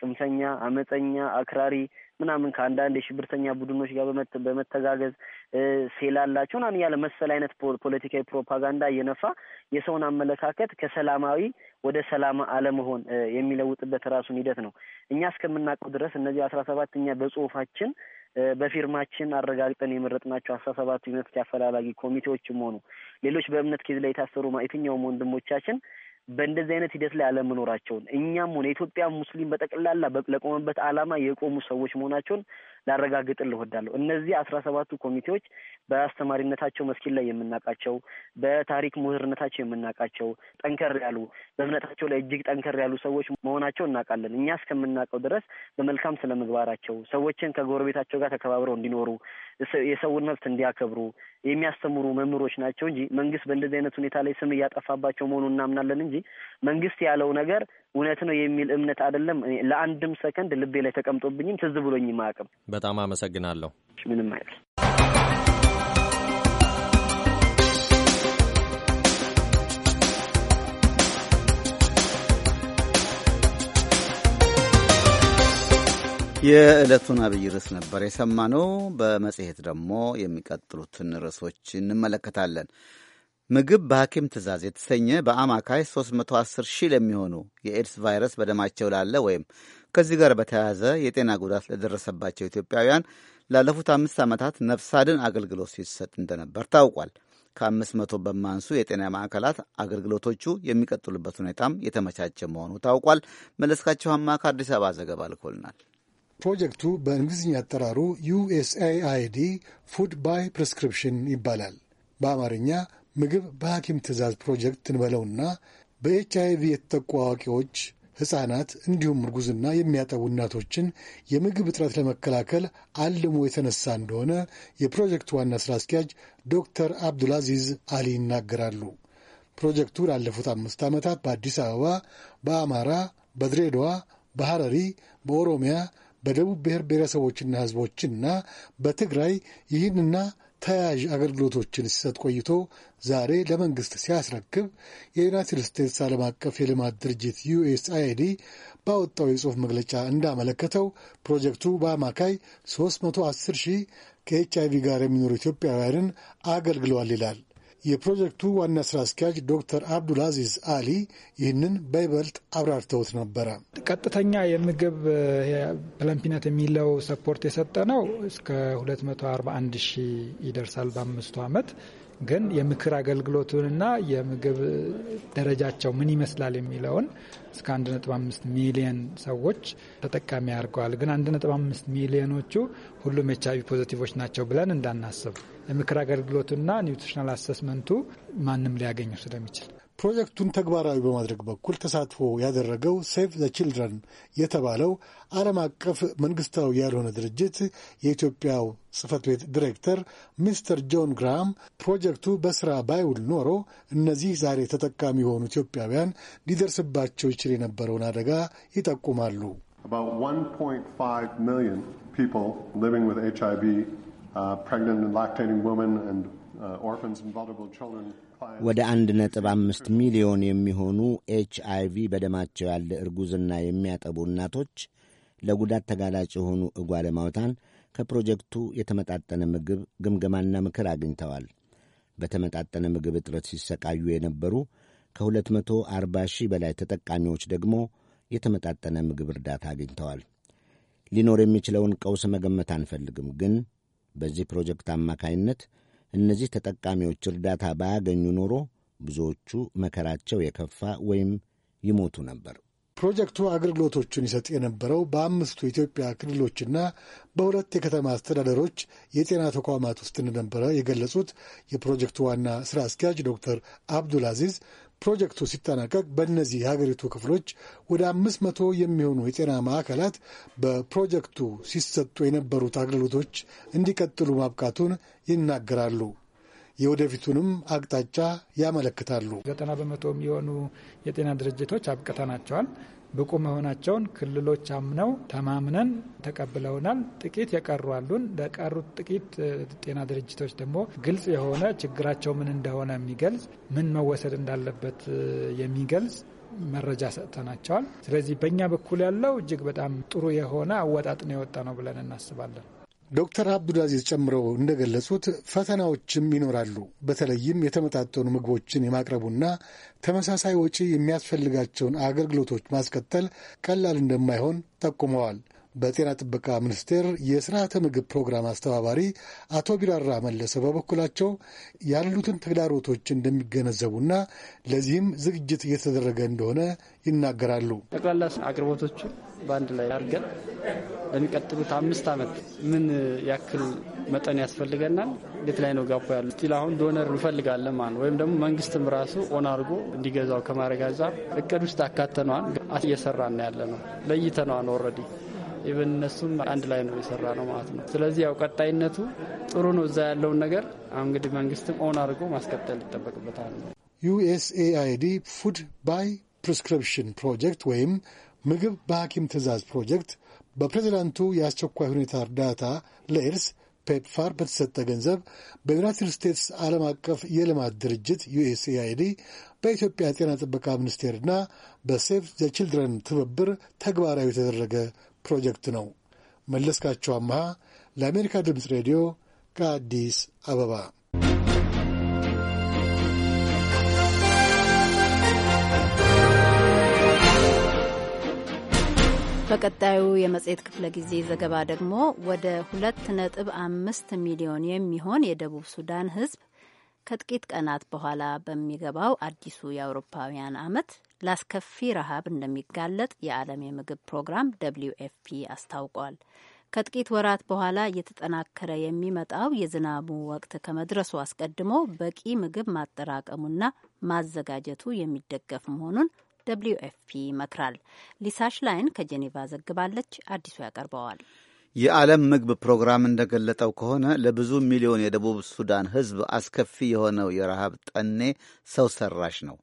[SPEAKER 11] ጽንፈኛ፣ አመፀኛ፣ አክራሪ ምናምን ከአንዳንድ የሽብርተኛ ቡድኖች ጋር በመተጋገዝ ሴላላቸው አላቸው ምናምን እያለ መሰል አይነት ፖለቲካዊ ፕሮፓጋንዳ እየነፋ የሰውን አመለካከት ከሰላማዊ ወደ ሰላም አለመሆን የሚለውጥበት ራሱን ሂደት ነው። እኛ እስከምናውቀው ድረስ እነዚህ አስራ ሰባተኛ በጽሁፋችን በፊርማችን አረጋግጠን የመረጥናቸው አስራ ሰባቱ የመፍትሄ አፈላላጊ ኮሚቴዎችም ሆኑ ሌሎች በእምነት ኬዝ ላይ የታሰሩ የትኛውም ወንድሞቻችን በእንደዚህ አይነት ሂደት ላይ አለመኖራቸውን እኛም ሆነ የኢትዮጵያ ሙስሊም በጠቅላላ ለቆመበት አላማ የቆሙ ሰዎች መሆናቸውን ላረጋግጥ ልወዳለሁ። እነዚህ አስራ ሰባቱ ኮሚቴዎች በአስተማሪነታቸው መስኪን ላይ የምናውቃቸው፣ በታሪክ ምሁርነታቸው የምናውቃቸው ጠንከር ያሉ በእምነታቸው ላይ እጅግ ጠንከር ያሉ ሰዎች መሆናቸው እናውቃለን። እኛ እስከምናውቀው ድረስ በመልካም ስነ ምግባራቸው ሰዎችን ከጎረቤታቸው ጋር ተከባብረው እንዲኖሩ የሰውን መብት እንዲያከብሩ የሚያስተምሩ መምህሮች ናቸው እንጂ መንግስት በእንደዚህ አይነት ሁኔታ ላይ ስም እያጠፋባቸው መሆኑን እናምናለን እንጂ መንግስት ያለው ነገር እውነት ነው የሚል እምነት አይደለም ለአንድም ሰከንድ ልቤ ላይ ተቀምጦብኝም ትዝ ብሎኝ አያውቅም።
[SPEAKER 10] በጣም አመሰግናለሁ። ምንም አይደል።
[SPEAKER 2] የዕለቱን አብይ ርዕስ ነበር የሰማነው። በመጽሔት ደግሞ የሚቀጥሉትን ርዕሶች እንመለከታለን። ምግብ በሐኪም ትእዛዝ የተሰኘ በአማካይ 310 ሺህ ለሚሆኑ የኤድስ ቫይረስ በደማቸው ላለ ወይም ከዚህ ጋር በተያያዘ የጤና ጉዳት ለደረሰባቸው ኢትዮጵያውያን ላለፉት አምስት ዓመታት ነፍስ አድን አገልግሎት ሲሰጥ እንደነበር ታውቋል። ከአምስት መቶ በማንሱ የጤና ማዕከላት አገልግሎቶቹ የሚቀጥሉበት ሁኔታም የተመቻቸ መሆኑ ታውቋል። መለስካቸው አማ ከአዲስ አበባ ዘገባ ልኮልናል።
[SPEAKER 7] ፕሮጀክቱ በእንግሊዝኛ አጠራሩ ዩኤስኤአይዲ ፉድ ባይ ፕሪስክሪፕሽን ይባላል። በአማርኛ ምግብ በሐኪም ትእዛዝ ፕሮጀክት እንበለውና በኤች አይቪ የተጠቁ አዋቂዎች፣ ሕፃናት እንዲሁም እርጉዝና የሚያጠቡ እናቶችን የምግብ እጥረት ለመከላከል አልሞ የተነሳ እንደሆነ የፕሮጀክቱ ዋና ሥራ አስኪያጅ ዶክተር አብዱልአዚዝ አሊ ይናገራሉ። ፕሮጀክቱ ላለፉት አምስት ዓመታት በአዲስ አበባ፣ በአማራ፣ በድሬዳዋ፣ በሐረሪ፣ በኦሮሚያ፣ በደቡብ ብሔር ብሔረሰቦችና ሕዝቦችና በትግራይ ይህንና ተያያዥ አገልግሎቶችን ሲሰጥ ቆይቶ ዛሬ ለመንግስት ሲያስረክብ የዩናይትድ ስቴትስ ዓለም አቀፍ የልማት ድርጅት ዩኤስአይዲ ባወጣው የጽሑፍ መግለጫ እንዳመለከተው ፕሮጀክቱ በአማካይ 310 ሺህ ከኤች ቪ ጋር የሚኖሩ ኢትዮጵያውያንን አገልግሏል ይላል። የፕሮጀክቱ ዋና ስራ አስኪያጅ ዶክተር አብዱል አዚዝ አሊ ይህንን በይበልጥ አብራርተውት ነበረ።
[SPEAKER 12] ቀጥተኛ የምግብ ፕላምፒነት የሚለው ሰፖርት የሰጠ ነው እስከ 241 ሺህ ይደርሳል በአምስቱ ዓመት ግን የምክር አገልግሎቱንና የምግብ ደረጃቸው ምን ይመስላል የሚለውን እስከ 1.5 ሚሊዮን ሰዎች ተጠቃሚ ያደርገዋል። ግን 1.5 ሚሊዮኖቹ ሁሉም ኤች አይ ቪ ፖዘቲቮች ናቸው ብለን እንዳናስብ የምክር
[SPEAKER 7] አገልግሎቱና ኒውትሪሽናል አሰስመንቱ
[SPEAKER 12] ማንም ሊያገኙ ስለሚችል
[SPEAKER 7] ፕሮጀክቱን ተግባራዊ በማድረግ በኩል ተሳትፎ ያደረገው ሴቭ ዘ ችልድረን የተባለው ዓለም አቀፍ መንግስታዊ ያልሆነ ድርጅት የኢትዮጵያው ጽህፈት ቤት ዲሬክተር ሚስተር ጆን ግራም ፕሮጀክቱ በስራ ባይውል ኖሮ እነዚህ ዛሬ ተጠቃሚ የሆኑ ኢትዮጵያውያን ሊደርስባቸው ይችል የነበረውን አደጋ ይጠቁማሉ።
[SPEAKER 2] ወደ አንድ ነጥብ አምስት ሚሊዮን የሚሆኑ ኤች አይ ቪ በደማቸው ያለ እርጉዝና የሚያጠቡ እናቶች፣ ለጉዳት ተጋላጭ የሆኑ እጓለማውታን ከፕሮጀክቱ የተመጣጠነ ምግብ ግምገማና ምክር አግኝተዋል። በተመጣጠነ ምግብ እጥረት ሲሰቃዩ የነበሩ ከ240 ሺህ በላይ ተጠቃሚዎች ደግሞ የተመጣጠነ ምግብ እርዳታ አግኝተዋል። ሊኖር የሚችለውን ቀውስ መገመት አንፈልግም፣ ግን በዚህ ፕሮጀክት አማካይነት እነዚህ ተጠቃሚዎች እርዳታ ባያገኙ ኖሮ ብዙዎቹ መከራቸው የከፋ ወይም ይሞቱ ነበር።
[SPEAKER 7] ፕሮጀክቱ አገልግሎቶቹን ይሰጥ የነበረው በአምስቱ የኢትዮጵያ ክልሎችና በሁለት የከተማ አስተዳደሮች የጤና ተቋማት ውስጥ እንደነበረ የገለጹት የፕሮጀክቱ ዋና ስራ አስኪያጅ ዶክተር አብዱል አዚዝ ፕሮጀክቱ ሲጠናቀቅ በእነዚህ የሀገሪቱ ክፍሎች ወደ አምስት መቶ የሚሆኑ የጤና ማዕከላት በፕሮጀክቱ ሲሰጡ የነበሩት አገልግሎቶች እንዲቀጥሉ ማብቃቱን ይናገራሉ። የወደፊቱንም አቅጣጫ ያመለክታሉ።
[SPEAKER 12] ዘጠና በመቶ የሚሆኑ የጤና ድርጅቶች አብቅተናቸዋል። ብቁ መሆናቸውን ክልሎች አምነው ተማምነን ተቀብለውናል። ጥቂት የቀሩ አሉን። ለቀሩት ጥቂት ጤና ድርጅቶች ደግሞ ግልጽ የሆነ ችግራቸው ምን እንደሆነ የሚገልጽ ምን መወሰድ እንዳለበት የሚገልጽ መረጃ ሰጥተናቸዋል። ስለዚህ በእኛ በኩል ያለው እጅግ በጣም ጥሩ የሆነ አወጣጥ ነው የወጣ ነው ብለን እናስባለን።
[SPEAKER 7] ዶክተር አብዱልአዚዝ ጨምረው እንደገለጹት ፈተናዎችም ይኖራሉ። በተለይም የተመጣጠኑ ምግቦችን የማቅረቡና ተመሳሳይ ወጪ የሚያስፈልጋቸውን አገልግሎቶች ማስቀጠል ቀላል እንደማይሆን ጠቁመዋል። በጤና ጥበቃ ሚኒስቴር የስርዓተ ምግብ ፕሮግራም አስተባባሪ አቶ ቢራራ መለሰ በበኩላቸው ያሉትን ተግዳሮቶች እንደሚገነዘቡና ለዚህም ዝግጅት እየተደረገ እንደሆነ ይናገራሉ።
[SPEAKER 13] ጠቅላላ አቅርቦቶቹ በአንድ ላይ አድርገን ለሚቀጥሉት አምስት ዓመት ምን ያክል መጠን ያስፈልገናል፣ እንዴት ላይ ነው ጋፖ ያሉ ስቲል አሁን ዶነር እንፈልጋለን ማለት ወይም ደግሞ መንግስትም ራሱ ኦን አድርጎ እንዲገዛው አንጻር እቅድ ውስጥ አካተነዋል። እየሰራን ያለ ነው ለይተነዋን ኦልሬዲ ኢቨን እነሱም አንድ ላይ ነው የሰራ ነው ማለት ነው። ስለዚህ ያው ቀጣይነቱ ጥሩ ነው። እዛ ያለውን ነገር አሁን እንግዲህ መንግስትም ኦን አድርጎ ማስቀጠል ይጠበቅበታል።
[SPEAKER 7] ዩኤስኤአይዲ ፉድ ባይ ፕሪስክሪፕሽን ፕሮጀክት ወይም ምግብ በሐኪም ትእዛዝ ፕሮጀክት በፕሬዚዳንቱ የአስቸኳይ ሁኔታ እርዳታ ለኤድስ ፔፕፋር በተሰጠ ገንዘብ በዩናይትድ ስቴትስ ዓለም አቀፍ የልማት ድርጅት ዩኤስኤአይዲ በኢትዮጵያ ጤና ጥበቃ ሚኒስቴርና በሴቭ ዘ ችልድረን ትብብር ተግባራዊ የተደረገ ፕሮጀክት ነው። መለስካቸው አምሃ ለአሜሪካ ድምፅ ሬዲዮ ከአዲስ አበባ።
[SPEAKER 1] በቀጣዩ የመጽሔት ክፍለ ጊዜ ዘገባ ደግሞ ወደ ሁለት ነጥብ አምስት ሚሊዮን የሚሆን የደቡብ ሱዳን ሕዝብ ከጥቂት ቀናት በኋላ በሚገባው አዲሱ የአውሮፓውያን አመት። ለአስከፊ ረሃብ እንደሚጋለጥ የዓለም የምግብ ፕሮግራም ደብሊው ኤፍፒ አስታውቋል። ከጥቂት ወራት በኋላ እየተጠናከረ የሚመጣው የዝናቡ ወቅት ከመድረሱ አስቀድሞ በቂ ምግብ ማጠራቀሙና ማዘጋጀቱ የሚደገፍ መሆኑን ደብሊው ኤፍፒ ይመክራል። ሊሳሽ ላይን ከጄኔቫ ዘግባለች። አዲሱ ያቀርበዋል።
[SPEAKER 2] የዓለም ምግብ ፕሮግራም እንደገለጠው ከሆነ ለብዙ ሚሊዮን የደቡብ ሱዳን ሕዝብ አስከፊ የሆነው የረሃብ ጠኔ ሰው ሰራሽ ነው።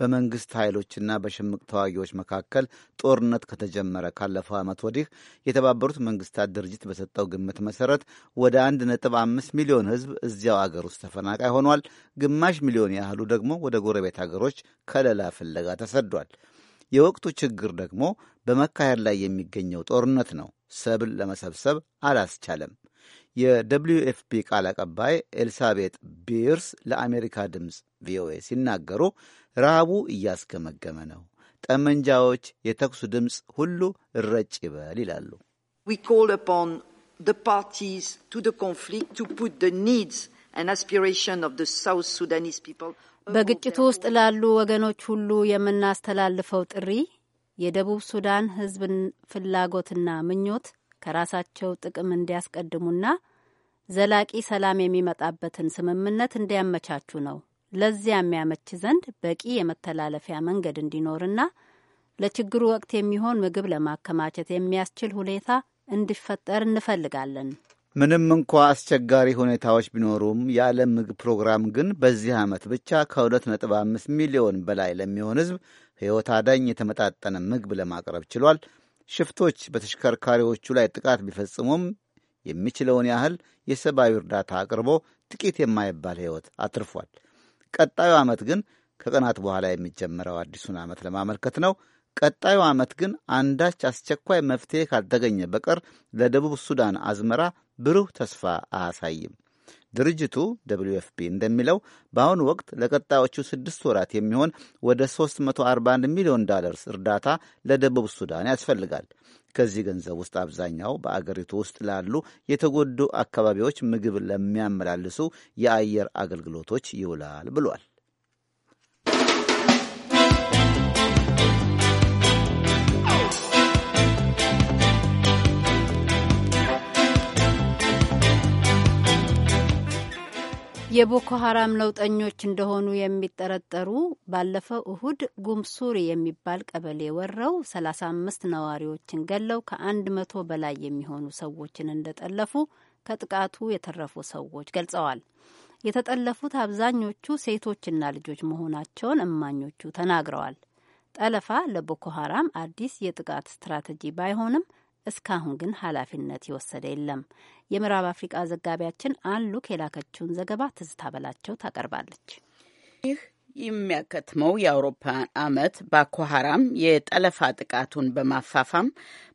[SPEAKER 2] በመንግስት ኃይሎችና በሽምቅ ተዋጊዎች መካከል ጦርነት ከተጀመረ ካለፈው ዓመት ወዲህ የተባበሩት መንግስታት ድርጅት በሰጠው ግምት መሰረት ወደ 1.5 ሚሊዮን ህዝብ እዚያው አገር ውስጥ ተፈናቃይ ሆኗል። ግማሽ ሚሊዮን ያህሉ ደግሞ ወደ ጎረቤት አገሮች ከለላ ፍለጋ ተሰዷል። የወቅቱ ችግር ደግሞ በመካሄድ ላይ የሚገኘው ጦርነት ነው። ሰብል ለመሰብሰብ አላስቻለም። የደብሊዩ ኤፍፒ ቃል አቀባይ ኤልሳቤጥ ቢርስ ለአሜሪካ ድምፅ ቪኦኤ ሲናገሩ ረሃቡ እያስገመገመ ነው። ጠመንጃዎች፣ የተኩሱ ድምፅ ሁሉ እረጭ ይበል ይላሉ።
[SPEAKER 1] በግጭቱ ውስጥ ላሉ ወገኖች ሁሉ የምናስተላልፈው ጥሪ የደቡብ ሱዳን ሕዝብን ፍላጎትና ምኞት ከራሳቸው ጥቅም እንዲያስቀድሙና ዘላቂ ሰላም የሚመጣበትን ስምምነት እንዲያመቻቹ ነው። ለዚያ የሚያመች ዘንድ በቂ የመተላለፊያ መንገድ እንዲኖርና ለችግሩ ወቅት የሚሆን ምግብ ለማከማቸት የሚያስችል ሁኔታ እንዲፈጠር እንፈልጋለን።
[SPEAKER 2] ምንም እንኳ አስቸጋሪ ሁኔታዎች ቢኖሩም የዓለም ምግብ ፕሮግራም ግን በዚህ ዓመት ብቻ ከ2.5 ሚሊዮን በላይ ለሚሆን ሕዝብ ሕይወት አዳኝ የተመጣጠነ ምግብ ለማቅረብ ችሏል። ሽፍቶች በተሽከርካሪዎቹ ላይ ጥቃት ቢፈጽሙም የሚችለውን ያህል የሰብአዊ እርዳታ አቅርቦ ጥቂት የማይባል ሕይወት አትርፏል። ቀጣዩ ዓመት ግን ከቀናት በኋላ የሚጀመረው አዲሱን ዓመት ለማመልከት ነው። ቀጣዩ ዓመት ግን አንዳች አስቸኳይ መፍትሄ ካልተገኘ በቀር ለደቡብ ሱዳን አዝመራ ብሩህ ተስፋ አያሳይም። ድርጅቱ ደብሊው ኤፍፒ እንደሚለው በአሁኑ ወቅት ለቀጣዮቹ ስድስት ወራት የሚሆን ወደ 341 ሚሊዮን ዶላርስ እርዳታ ለደቡብ ሱዳን ያስፈልጋል። ከዚህ ገንዘብ ውስጥ አብዛኛው በአገሪቱ ውስጥ ላሉ የተጎዱ አካባቢዎች ምግብ ለሚያመላልሱ የአየር አገልግሎቶች ይውላል ብሏል።
[SPEAKER 1] የቦኮ ሀራም ነውጠኞች እንደሆኑ የሚጠረጠሩ ባለፈው እሁድ ጉምሱሪ የሚባል ቀበሌ ወረው 35 ነዋሪዎችን ገለው ከአንድ መቶ በላይ የሚሆኑ ሰዎችን እንደጠለፉ ከጥቃቱ የተረፉ ሰዎች ገልጸዋል። የተጠለፉት አብዛኞቹ ሴቶችና ልጆች መሆናቸውን እማኞቹ ተናግረዋል። ጠለፋ ለቦኮ ሀራም አዲስ የጥቃት ስትራቴጂ ባይሆንም እስካሁን ግን ኃላፊነት የወሰደ የለም። የምዕራብ አፍሪቃ ዘጋቢያችን አንሉክ የላከችውን ዘገባ ትዝታ በላቸው ታቀርባለች።
[SPEAKER 9] ይህ የሚያከትመው የአውሮፓውያን አመት ቦኮ ሀራም የጠለፋ ጥቃቱን በማፋፋም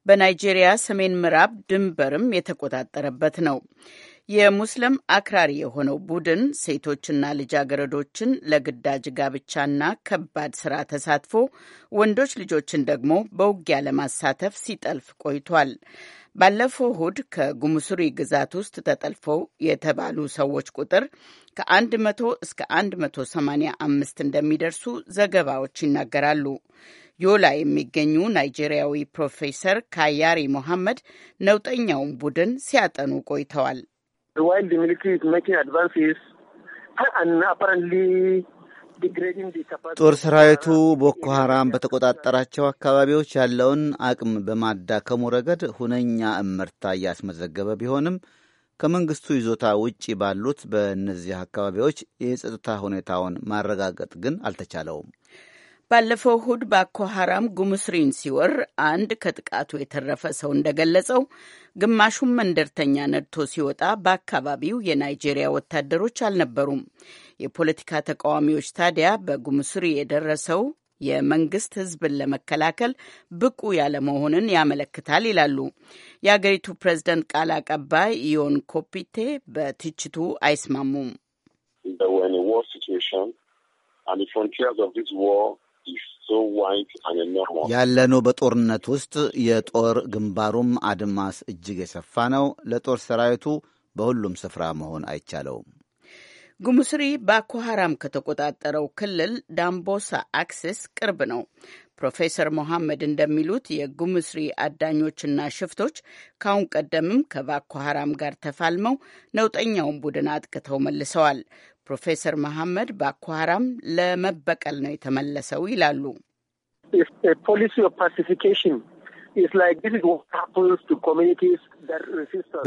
[SPEAKER 9] በናይጄሪያ ሰሜን ምዕራብ ድንበርም የተቆጣጠረበት ነው። የሙስሊም አክራሪ የሆነው ቡድን ሴቶችና ልጃገረዶችን ለግዳጅ ጋብቻና ከባድ ስራ ተሳትፎ፣ ወንዶች ልጆችን ደግሞ በውጊያ ለማሳተፍ ሲጠልፍ ቆይቷል። ባለፈው እሁድ ከጉምሱሪ ግዛት ውስጥ ተጠልፈው የተባሉ ሰዎች ቁጥር ከ100 እስከ 185 እንደሚደርሱ ዘገባዎች ይናገራሉ። ዮላ የሚገኙ ናይጄሪያዊ ፕሮፌሰር ካያሪ ሞሐመድ ነውጠኛውን ቡድን ሲያጠኑ ቆይተዋል።
[SPEAKER 11] While the military is making advances, uh, and apparently ጦር ሰራዊቱ
[SPEAKER 2] ቦኮ ሀራም በተቆጣጠራቸው አካባቢዎች ያለውን አቅም በማዳከሙ ረገድ ሁነኛ እመርታ እያስመዘገበ ቢሆንም ከመንግስቱ ይዞታ ውጪ ባሉት በእነዚህ አካባቢዎች የጸጥታ ሁኔታውን ማረጋገጥ ግን አልተቻለውም።
[SPEAKER 9] ባለፈው እሁድ ባኮ ሐራም ጉሙስ ሲወር አንድ ከጥቃቱ የተረፈ ሰው እንደገለጸው ግማሹም መንደርተኛ ነድቶ ሲወጣ በአካባቢው የናይጄሪያ ወታደሮች አልነበሩም። የፖለቲካ ተቃዋሚዎች ታዲያ በጉሙስሪ የደረሰው የመንግስት ህዝብን ለመከላከል ብቁ ያለመሆንን ያመለክታል ይላሉ። የአገሪቱ ፕሬዝደንት ቃል አቀባይ ኢዮን ኮፒቴ በትችቱ አይስማሙም።
[SPEAKER 14] ያለነው
[SPEAKER 2] በጦርነት ውስጥ የጦር ግንባሩም አድማስ እጅግ የሰፋ ነው። ለጦር ሰራዊቱ በሁሉም ስፍራ መሆን አይቻለውም።
[SPEAKER 9] ጉሙስሪ ባኮ ከተቆጣጠረው ክልል ዳምቦሳ አክሴስ ቅርብ ነው። ፕሮፌሰር ሞሐመድ እንደሚሉት የጉሙስሪ አዳኞችና ሽፍቶች ካሁን ቀደምም ከባኮ ጋር ተፋልመው ነውጠኛውን ቡድን አጥቅተው መልሰዋል። ፕሮፌሰር መሐመድ ባኮ ለመበቀል ነው የተመለሰው ይላሉ።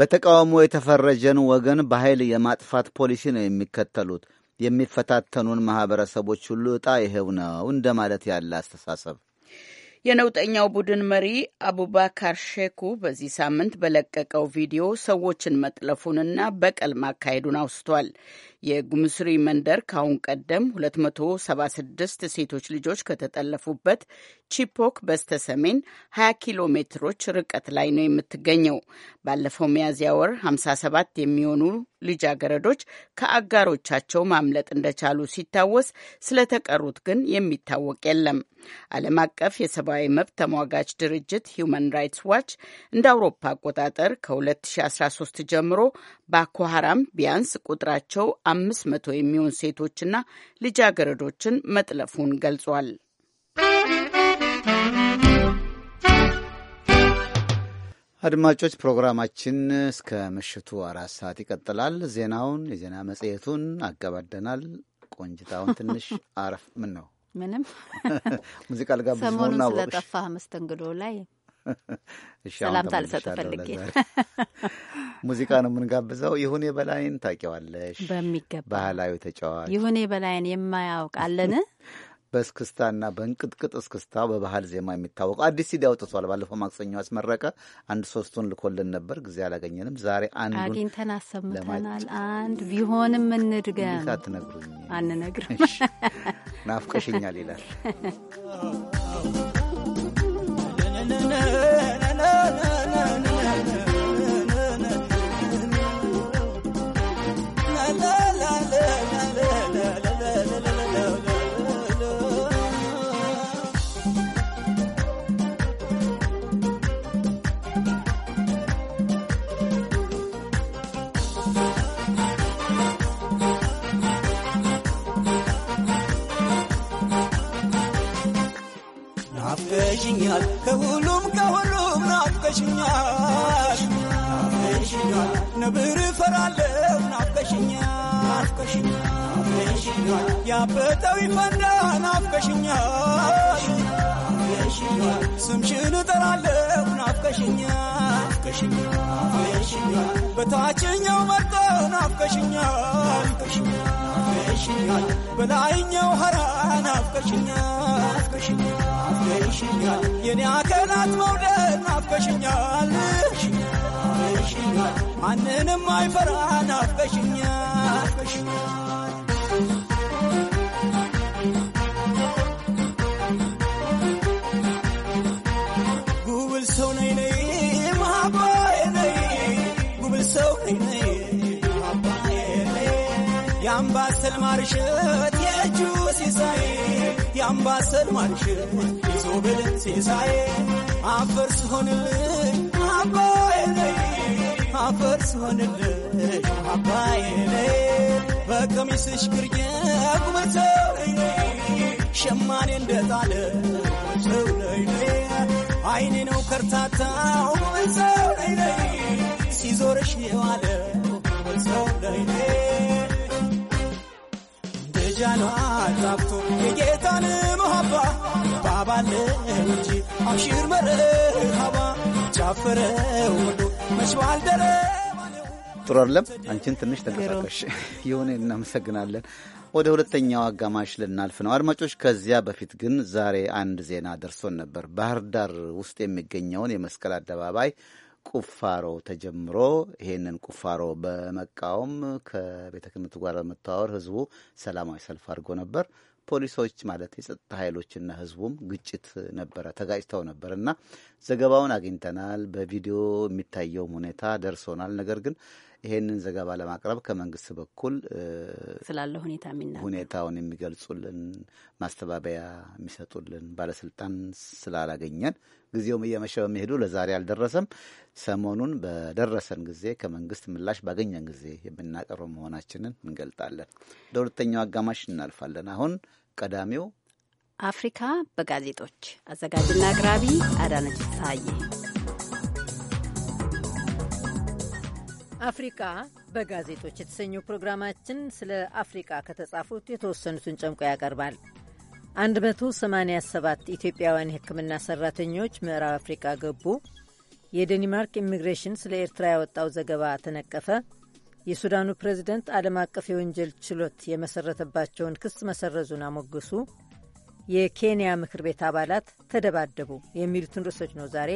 [SPEAKER 2] በተቃውሞ የተፈረጀን ወገን በኃይል የማጥፋት ፖሊሲ ነው የሚከተሉት። የሚፈታተኑን ማህበረሰቦች ሁሉ እጣ ይሄው ነው እንደማለት ያለ አስተሳሰብ።
[SPEAKER 9] የነውጠኛው ቡድን መሪ አቡባካር ሼኩ በዚህ ሳምንት በለቀቀው ቪዲዮ ሰዎችን መጥለፉንና በቀል ማካሄዱን አውስቷል። የጉምስሪ መንደር ካሁን ቀደም 276 ሴቶች ልጆች ከተጠለፉበት ቺፖክ በስተ ሰሜን 20 ኪሎ ሜትሮች ርቀት ላይ ነው የምትገኘው። ባለፈው ሚያዝያ ወር 57 የሚሆኑ ልጃገረዶች ከአጋሮቻቸው ማምለጥ እንደቻሉ ሲታወስ፣ ስለተቀሩት ግን የሚታወቅ የለም። ዓለም አቀፍ የሰብአዊ መብት ተሟጋች ድርጅት ሂዩማን ራይትስ ዋች እንደ አውሮፓ አቆጣጠር ከ2013 ጀምሮ ባኮ ሀራም ቢያንስ ቁጥራቸው አምስት መቶ የሚሆን ሴቶችና ልጃገረዶችን መጥለፉን ገልጿል።
[SPEAKER 2] አድማጮች ፕሮግራማችን እስከ ምሽቱ አራት ሰዓት ይቀጥላል። ዜናውን የዜና መጽሔቱን አገባደናል። ቆንጅታውን ትንሽ [laughs] አረፍ ምን ነው ምንም ሙዚቃ ልጋብዝ ስለጠፋ
[SPEAKER 1] መስተንግዶ ላይ
[SPEAKER 2] [laughs] ሰላምታ ልሰጥ ፈልጌ [laughs] ሙዚቃ ነው የምንጋብዘው። ይሁኔ በላይን ታውቂዋለሽ? በሚገባ ባህላዊ ተጫዋች
[SPEAKER 1] ይሁኔ በላይን የማያውቅ አለን? [laughs]
[SPEAKER 2] በእስክስታና በእንቅጥቅጥ እስክስታ በባህል ዜማ የሚታወቀው አዲስ ሲዲ አውጥቷል። ባለፈው ማክሰኞ አስመረቀ። አንድ ሶስቱን ልኮልን ነበር፣ ጊዜ አላገኘንም። ዛሬ አንዱ አግኝተን
[SPEAKER 1] አሰምተናል። አንድ ቢሆንም እንድገም አትነግሩኝ፣ አንነግርም፣
[SPEAKER 6] ናፍቀሽኛል ይላል
[SPEAKER 5] ናፍቀሽኛል ከሁሉም ከሁሉም ናፍቀሽኛል ነብር ፈራለው ናፍቀሽኛል ያበጠው ይፈንዳ ናፍቀሽኛል ናፍቀሽኛል ስምሽን እጠራለው ናፍቀሽኛል ናፍቀሽኛል በታችኛው ናፍቀሽኛል በላይኛው ሀራ ናፍቀሽኛል ናፈሽኛል ናፈሽኛል የኔ አካላት መውደድ ናፈሽኛል ናፈሽኛል ማንንም አይፈራ ናፈሽኛል ጉብል ሰው ነይ ነይ ማባዬ ነይ ጉብል ሰው ነይ ነይ የአምባሰል ማርሸት የእጁ ሲሳይ የአምባሰል ማርሽ ይዞ ብልን ሲሳዬ አፈር ሲሆንልኝ አባይ አፈር ሲሆንልኝ አባይ ነይ በቀሚስሽ ግርጌ ቁመተው ሸማኔ እንደጣለ ቁመተው አይኔ ነው ከርታታው ቁመተው ሲዞርሽ የዋለ ቁመተው ነይ ደጃኗ ጣብቶ የጌታን ባባለ እንጂ መረሃባ ጫፈረ ወዶ መሽዋል ደረ
[SPEAKER 2] ጥሩ አይደለም። አንቺን ትንሽ ተንቀሳቀሽ [laughs] የሆነ እናመሰግናለን። ወደ ሁለተኛው አጋማሽ ልናልፍ ነው አድማጮች። ከዚያ በፊት ግን ዛሬ አንድ ዜና ደርሶን ነበር። ባህር ዳር ውስጥ የሚገኘውን የመስቀል አደባባይ ቁፋሮ ተጀምሮ ይሄንን ቁፋሮ በመቃወም ከቤተ ክህነቱ ጋር በመተዋወር ህዝቡ ሰላማዊ ሰልፍ አድርጎ ነበር። ፖሊሶች ማለት የጸጥታ ኃይሎችና ህዝቡም ግጭት ነበረ፣ ተጋጭተው ነበር እና ዘገባውን አግኝተናል። በቪዲዮ የሚታየውም ሁኔታ ደርሶናል። ነገር ግን ይሄንን ዘገባ ለማቅረብ ከመንግስት በኩል ስላለ ሁኔታ ሁኔታውን የሚገልጹልን ማስተባበያ የሚሰጡልን ባለስልጣን ስላላገኘን ጊዜውም እየመሸ በመሄዱ ለዛሬ አልደረሰም። ሰሞኑን በደረሰን ጊዜ ከመንግስት ምላሽ ባገኘን ጊዜ የምናቀርበው መሆናችንን እንገልጣለን። ወደ ሁለተኛው አጋማሽ እናልፋለን። አሁን ቀዳሚው
[SPEAKER 1] አፍሪካ በጋዜጦች አዘጋጅና አቅራቢ አዳነች ታዬ።
[SPEAKER 6] አፍሪካ በጋዜጦች የተሰኘው ፕሮግራማችን ስለ አፍሪካ ከተጻፉት የተወሰኑትን ጨምቆ ያቀርባል። 187 ኢትዮጵያውያን የሕክምና ሰራተኞች ምዕራብ አፍሪቃ ገቡ፣ የዴንማርክ ኢሚግሬሽን ስለ ኤርትራ ያወጣው ዘገባ ተነቀፈ፣ የሱዳኑ ፕሬዝደንት ዓለም አቀፍ የወንጀል ችሎት የመሰረተባቸውን ክስ መሰረዙን አሞገሱ፣ የኬንያ ምክር ቤት አባላት ተደባደቡ የሚሉትን ርዕሶች ነው ዛሬ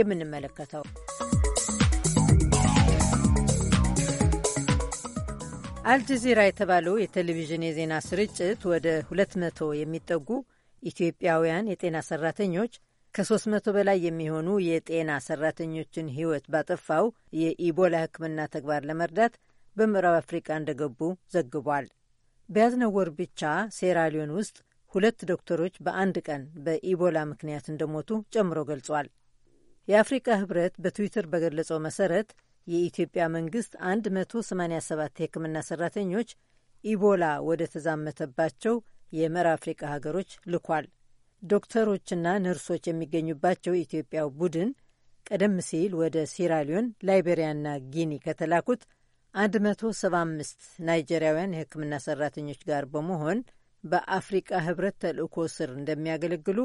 [SPEAKER 6] የምንመለከተው። አልጀዚራ የተባለው የቴሌቪዥን የዜና ስርጭት ወደ 200 የሚጠጉ ኢትዮጵያውያን የጤና ሰራተኞች ከ300 በላይ የሚሆኑ የጤና ሰራተኞችን ሕይወት ባጠፋው የኢቦላ ሕክምና ተግባር ለመርዳት በምዕራብ አፍሪቃ እንደገቡ ዘግቧል። በያዝነው ወር ብቻ ሴራሊዮን ውስጥ ሁለት ዶክተሮች በአንድ ቀን በኢቦላ ምክንያት እንደሞቱ ጨምሮ ገልጿል። የአፍሪቃ ህብረት በትዊተር በገለጸው መሰረት የኢትዮጵያ መንግስት 187 የህክምና ሰራተኞች ኢቦላ ወደ ተዛመተባቸው የምዕራብ አፍሪቃ ሀገሮች ልኳል። ዶክተሮችና ነርሶች የሚገኙባቸው የኢትዮጵያው ቡድን ቀደም ሲል ወደ ሲራሊዮን፣ ላይቤሪያና ጊኒ ከተላኩት 175 ናይጄሪያውያን የህክምና ሰራተኞች ጋር በመሆን በአፍሪቃ ህብረት ተልእኮ ስር እንደሚያገለግሉ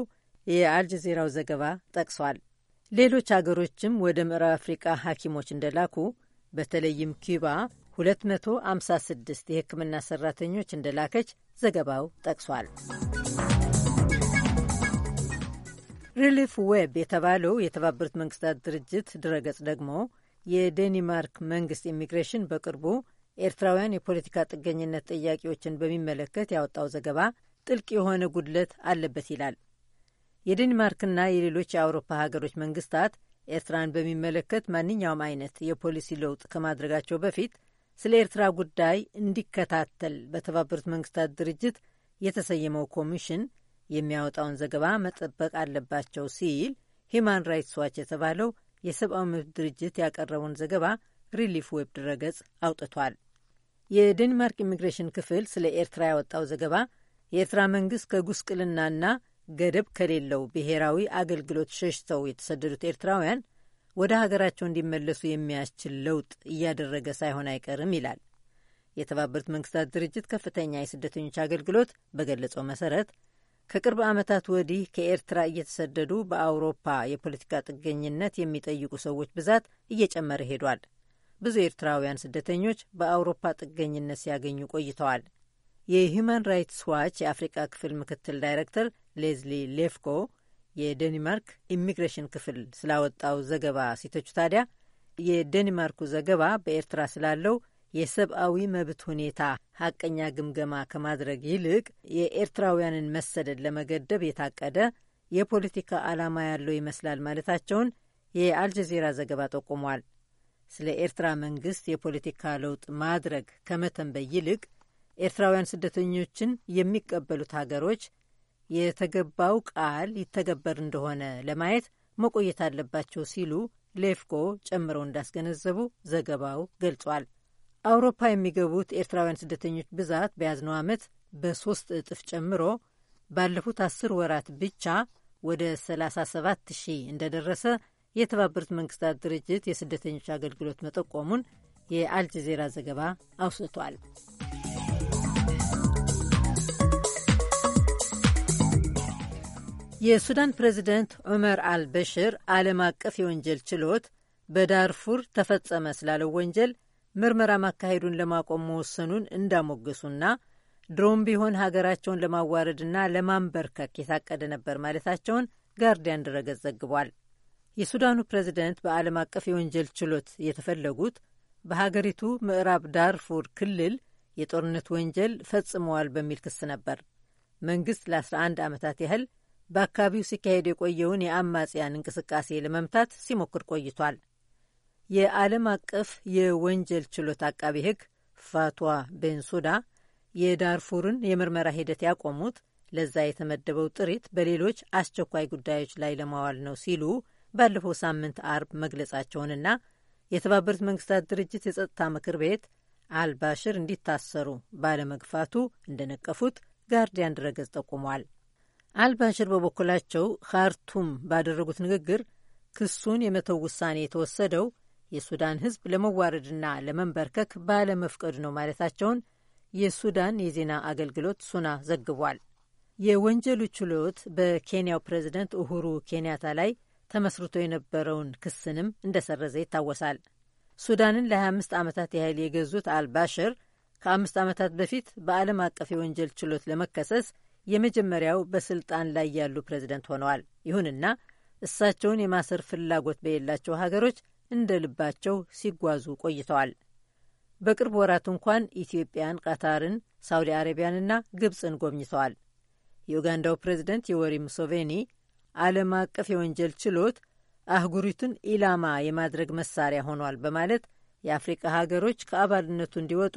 [SPEAKER 6] የአልጀዚራው ዘገባ ጠቅሷል። ሌሎች አገሮችም ወደ ምዕራብ አፍሪቃ ሐኪሞች እንደላኩ በተለይም ኪዩባ 256 የሕክምና ሰራተኞች እንደላከች ዘገባው ጠቅሷል። ሪሊፍ ዌብ የተባለው የተባበሩት መንግስታት ድርጅት ድረገጽ ደግሞ የዴኒማርክ መንግስት ኢሚግሬሽን በቅርቡ ኤርትራውያን የፖለቲካ ጥገኝነት ጥያቄዎችን በሚመለከት ያወጣው ዘገባ ጥልቅ የሆነ ጉድለት አለበት ይላል። የዴንማርክና የሌሎች የአውሮፓ ሀገሮች መንግስታት ኤርትራን በሚመለከት ማንኛውም አይነት የፖሊሲ ለውጥ ከማድረጋቸው በፊት ስለ ኤርትራ ጉዳይ እንዲከታተል በተባበሩት መንግስታት ድርጅት የተሰየመው ኮሚሽን የሚያወጣውን ዘገባ መጠበቅ አለባቸው ሲል ሂማን ራይትስ ዋች የተባለው የሰብአዊ መብት ድርጅት ያቀረበውን ዘገባ ሪሊፍ ዌብ ድረገጽ አውጥቷል። የዴንማርክ ኢሚግሬሽን ክፍል ስለ ኤርትራ ያወጣው ዘገባ የኤርትራ መንግስት ከጉስቅልናና ገደብ ከሌለው ብሔራዊ አገልግሎት ሸሽተው የተሰደዱት ኤርትራውያን ወደ ሀገራቸው እንዲመለሱ የሚያስችል ለውጥ እያደረገ ሳይሆን አይቀርም ይላል። የተባበሩት መንግስታት ድርጅት ከፍተኛ የስደተኞች አገልግሎት በገለጸው መሰረት ከቅርብ ዓመታት ወዲህ ከኤርትራ እየተሰደዱ በአውሮፓ የፖለቲካ ጥገኝነት የሚጠይቁ ሰዎች ብዛት እየጨመረ ሄዷል። ብዙ ኤርትራውያን ስደተኞች በአውሮፓ ጥገኝነት ሲያገኙ ቆይተዋል። የሂዩማን ራይትስ ዋች የአፍሪቃ ክፍል ምክትል ዳይሬክተር ሌዝሊ ሌፍኮ የዴንማርክ ኢሚግሬሽን ክፍል ስላወጣው ዘገባ ሲተቹ ታዲያ የዴንማርኩ ዘገባ በኤርትራ ስላለው የሰብአዊ መብት ሁኔታ ሀቀኛ ግምገማ ከማድረግ ይልቅ የኤርትራውያንን መሰደድ ለመገደብ የታቀደ የፖለቲካ ዓላማ ያለው ይመስላል ማለታቸውን የአልጀዚራ ዘገባ ጠቁሟል። ስለ ኤርትራ መንግስት የፖለቲካ ለውጥ ማድረግ ከመተንበይ ይልቅ ኤርትራውያን ስደተኞችን የሚቀበሉት ሀገሮች የተገባው ቃል ይተገበር እንደሆነ ለማየት መቆየት አለባቸው ሲሉ ሌፍኮ ጨምረው እንዳስገነዘቡ ዘገባው ገልጿል። አውሮፓ የሚገቡት ኤርትራውያን ስደተኞች ብዛት በያዝነው ዓመት በሦስት እጥፍ ጨምሮ ባለፉት አስር ወራት ብቻ ወደ 37 ሺህ እንደደረሰ የተባበሩት መንግስታት ድርጅት የስደተኞች አገልግሎት መጠቆሙን የአልጀዜራ ዘገባ አውስቷል። የሱዳን ፕሬዚደንት ዑመር አልበሽር ዓለም አቀፍ የወንጀል ችሎት በዳርፉር ተፈጸመ ስላለው ወንጀል ምርመራ ማካሄዱን ለማቆም መወሰኑን እንዳሞገሱና ድሮም ቢሆን ሀገራቸውን ለማዋረድና ለማንበርከክ የታቀደ ነበር ማለታቸውን ጋርዲያን ድረገጽ ዘግቧል። የሱዳኑ ፕሬዚደንት በዓለም አቀፍ የወንጀል ችሎት የተፈለጉት በሀገሪቱ ምዕራብ ዳርፉር ክልል የጦርነት ወንጀል ፈጽመዋል በሚል ክስ ነበር። መንግሥት ለ11 ዓመታት ያህል በአካባቢው ሲካሄድ የቆየውን የአማጽያን እንቅስቃሴ ለመምታት ሲሞክር ቆይቷል። የዓለም አቀፍ የወንጀል ችሎት አቃቢ ሕግ ፋቷ ቤንሱዳ የዳርፉርን የምርመራ ሂደት ያቆሙት ለዛ የተመደበው ጥሪት በሌሎች አስቸኳይ ጉዳዮች ላይ ለማዋል ነው ሲሉ ባለፈው ሳምንት አርብ መግለጻቸውንና የተባበሩት መንግስታት ድርጅት የጸጥታ ምክር ቤት አልባሽር እንዲታሰሩ ባለመግፋቱ እንደነቀፉት ጋርዲያን ድረገጽ ጠቁሟል። አልባሽር በበኩላቸው ካርቱም ባደረጉት ንግግር ክሱን የመተው ውሳኔ የተወሰደው የሱዳን ሕዝብ ለመዋረድና ለመንበርከክ ባለመፍቀዱ ነው ማለታቸውን የሱዳን የዜና አገልግሎት ሱና ዘግቧል። የወንጀሉ ችሎት በኬንያው ፕሬዝደንት ኡሁሩ ኬንያታ ላይ ተመስርቶ የነበረውን ክስንም እንደሰረዘ ይታወሳል። ሱዳንን ለ25 ዓመታት ያህል የገዙት አልባሽር ከአምስት ዓመታት በፊት በዓለም አቀፍ የወንጀል ችሎት ለመከሰስ የመጀመሪያው በስልጣን ላይ ያሉ ፕሬዚደንት ሆነዋል። ይሁንና እሳቸውን የማሰር ፍላጎት በሌላቸው ሀገሮች እንደ ልባቸው ሲጓዙ ቆይተዋል። በቅርብ ወራት እንኳን ኢትዮጵያን፣ ቀታርን፣ ሳውዲ አረቢያንና ግብፅን ጎብኝተዋል። የኡጋንዳው ፕሬዝደንት የወሪ ሙሶቬኒ ዓለም አቀፍ የወንጀል ችሎት አህጉሪቱን ኢላማ የማድረግ መሳሪያ ሆኗል በማለት የአፍሪቃ ሀገሮች ከአባልነቱ እንዲወጡ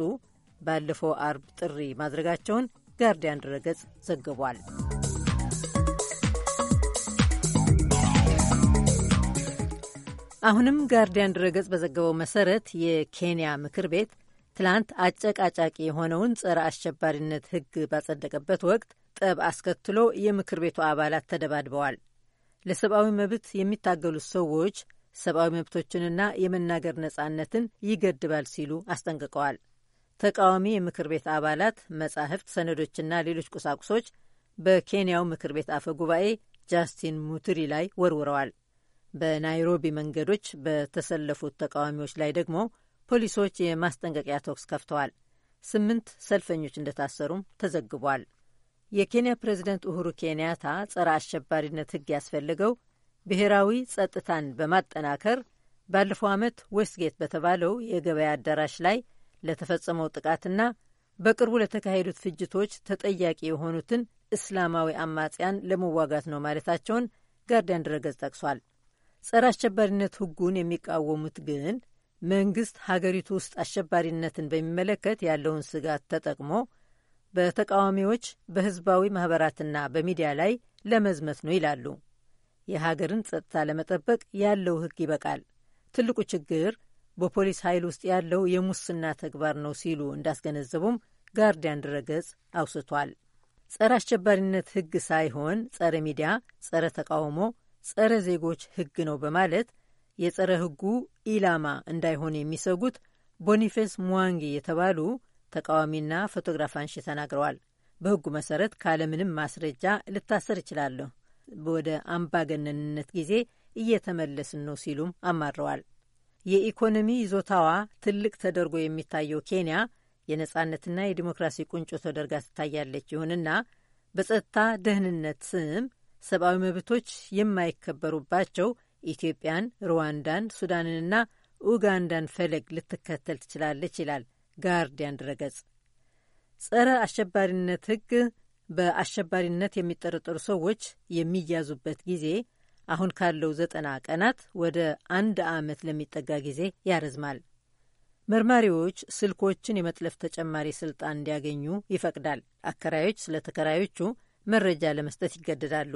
[SPEAKER 6] ባለፈው አርብ ጥሪ ማድረጋቸውን ጋርዲያን ድረገጽ ዘግቧል። አሁንም ጋርዲያን ድረገጽ በዘገበው መሰረት የኬንያ ምክር ቤት ትላንት አጨቃጫቂ የሆነውን ጸረ አሸባሪነት ሕግ ባጸደቀበት ወቅት ጠብ አስከትሎ የምክር ቤቱ አባላት ተደባድበዋል። ለሰብአዊ መብት የሚታገሉት ሰዎች ሰብአዊ መብቶችንና የመናገር ነጻነትን ይገድባል ሲሉ አስጠንቅቀዋል። ተቃዋሚ የምክር ቤት አባላት መጻሕፍት፣ ሰነዶችና ሌሎች ቁሳቁሶች በኬንያው ምክር ቤት አፈ ጉባኤ ጃስቲን ሙቱሪ ላይ ወርውረዋል። በናይሮቢ መንገዶች በተሰለፉት ተቃዋሚዎች ላይ ደግሞ ፖሊሶች የማስጠንቀቂያ ተኩስ ከፍተዋል። ስምንት ሰልፈኞች እንደታሰሩም ተዘግቧል። የኬንያ ፕሬዚደንት ኡሁሩ ኬንያታ ጸረ አሸባሪነት ሕግ ያስፈልገው ብሔራዊ ጸጥታን በማጠናከር ባለፈው ዓመት ዌስትጌት በተባለው የገበያ አዳራሽ ላይ ለተፈጸመው ጥቃትና በቅርቡ ለተካሄዱት ፍጅቶች ተጠያቂ የሆኑትን እስላማዊ አማጽያን ለመዋጋት ነው ማለታቸውን ጋርዲያን ድረገጽ ጠቅሷል። ጸረ አሸባሪነት ሕጉን የሚቃወሙት ግን መንግስት ሀገሪቱ ውስጥ አሸባሪነትን በሚመለከት ያለውን ስጋት ተጠቅሞ በተቃዋሚዎች በህዝባዊ ማኅበራትና በሚዲያ ላይ ለመዝመት ነው ይላሉ። የሀገርን ጸጥታ ለመጠበቅ ያለው ሕግ ይበቃል። ትልቁ ችግር በፖሊስ ኃይል ውስጥ ያለው የሙስና ተግባር ነው ሲሉ እንዳስገነዘቡም ጋርዲያን ድረገጽ አውስቷል። ጸረ አሸባሪነት ህግ ሳይሆን ጸረ ሚዲያ፣ ጸረ ተቃውሞ፣ ጸረ ዜጎች ህግ ነው በማለት የጸረ ህጉ ኢላማ እንዳይሆን የሚሰጉት ቦኒፌስ ሙዋንጊ የተባሉ ተቃዋሚና ፎቶግራፍ አንሺ ተናግረዋል። በህጉ መሰረት ካለምንም ማስረጃ ልታሰር እችላለሁ፣ ወደ አምባገነንነት ጊዜ እየተመለስን ነው ሲሉም አማረዋል። የኢኮኖሚ ይዞታዋ ትልቅ ተደርጎ የሚታየው ኬንያ የነጻነትና የዲሞክራሲ ቁንጮ ተደርጋ ትታያለች። ይሁንና በጸጥታ ደህንነት ስም ሰብአዊ መብቶች የማይከበሩባቸው ኢትዮጵያን፣ ሩዋንዳን፣ ሱዳንንና ኡጋንዳን ፈለግ ልትከተል ትችላለች ይላል ጋርዲያን ድረገጽ። ጸረ አሸባሪነት ሕግ በአሸባሪነት የሚጠረጠሩ ሰዎች የሚያዙበት ጊዜ አሁን ካለው ዘጠና ቀናት ወደ አንድ ዓመት ለሚጠጋ ጊዜ ያረዝማል። መርማሪዎች ስልኮችን የመጥለፍ ተጨማሪ ስልጣን እንዲያገኙ ይፈቅዳል። አከራዮች ስለ ተከራዮቹ መረጃ ለመስጠት ይገደዳሉ።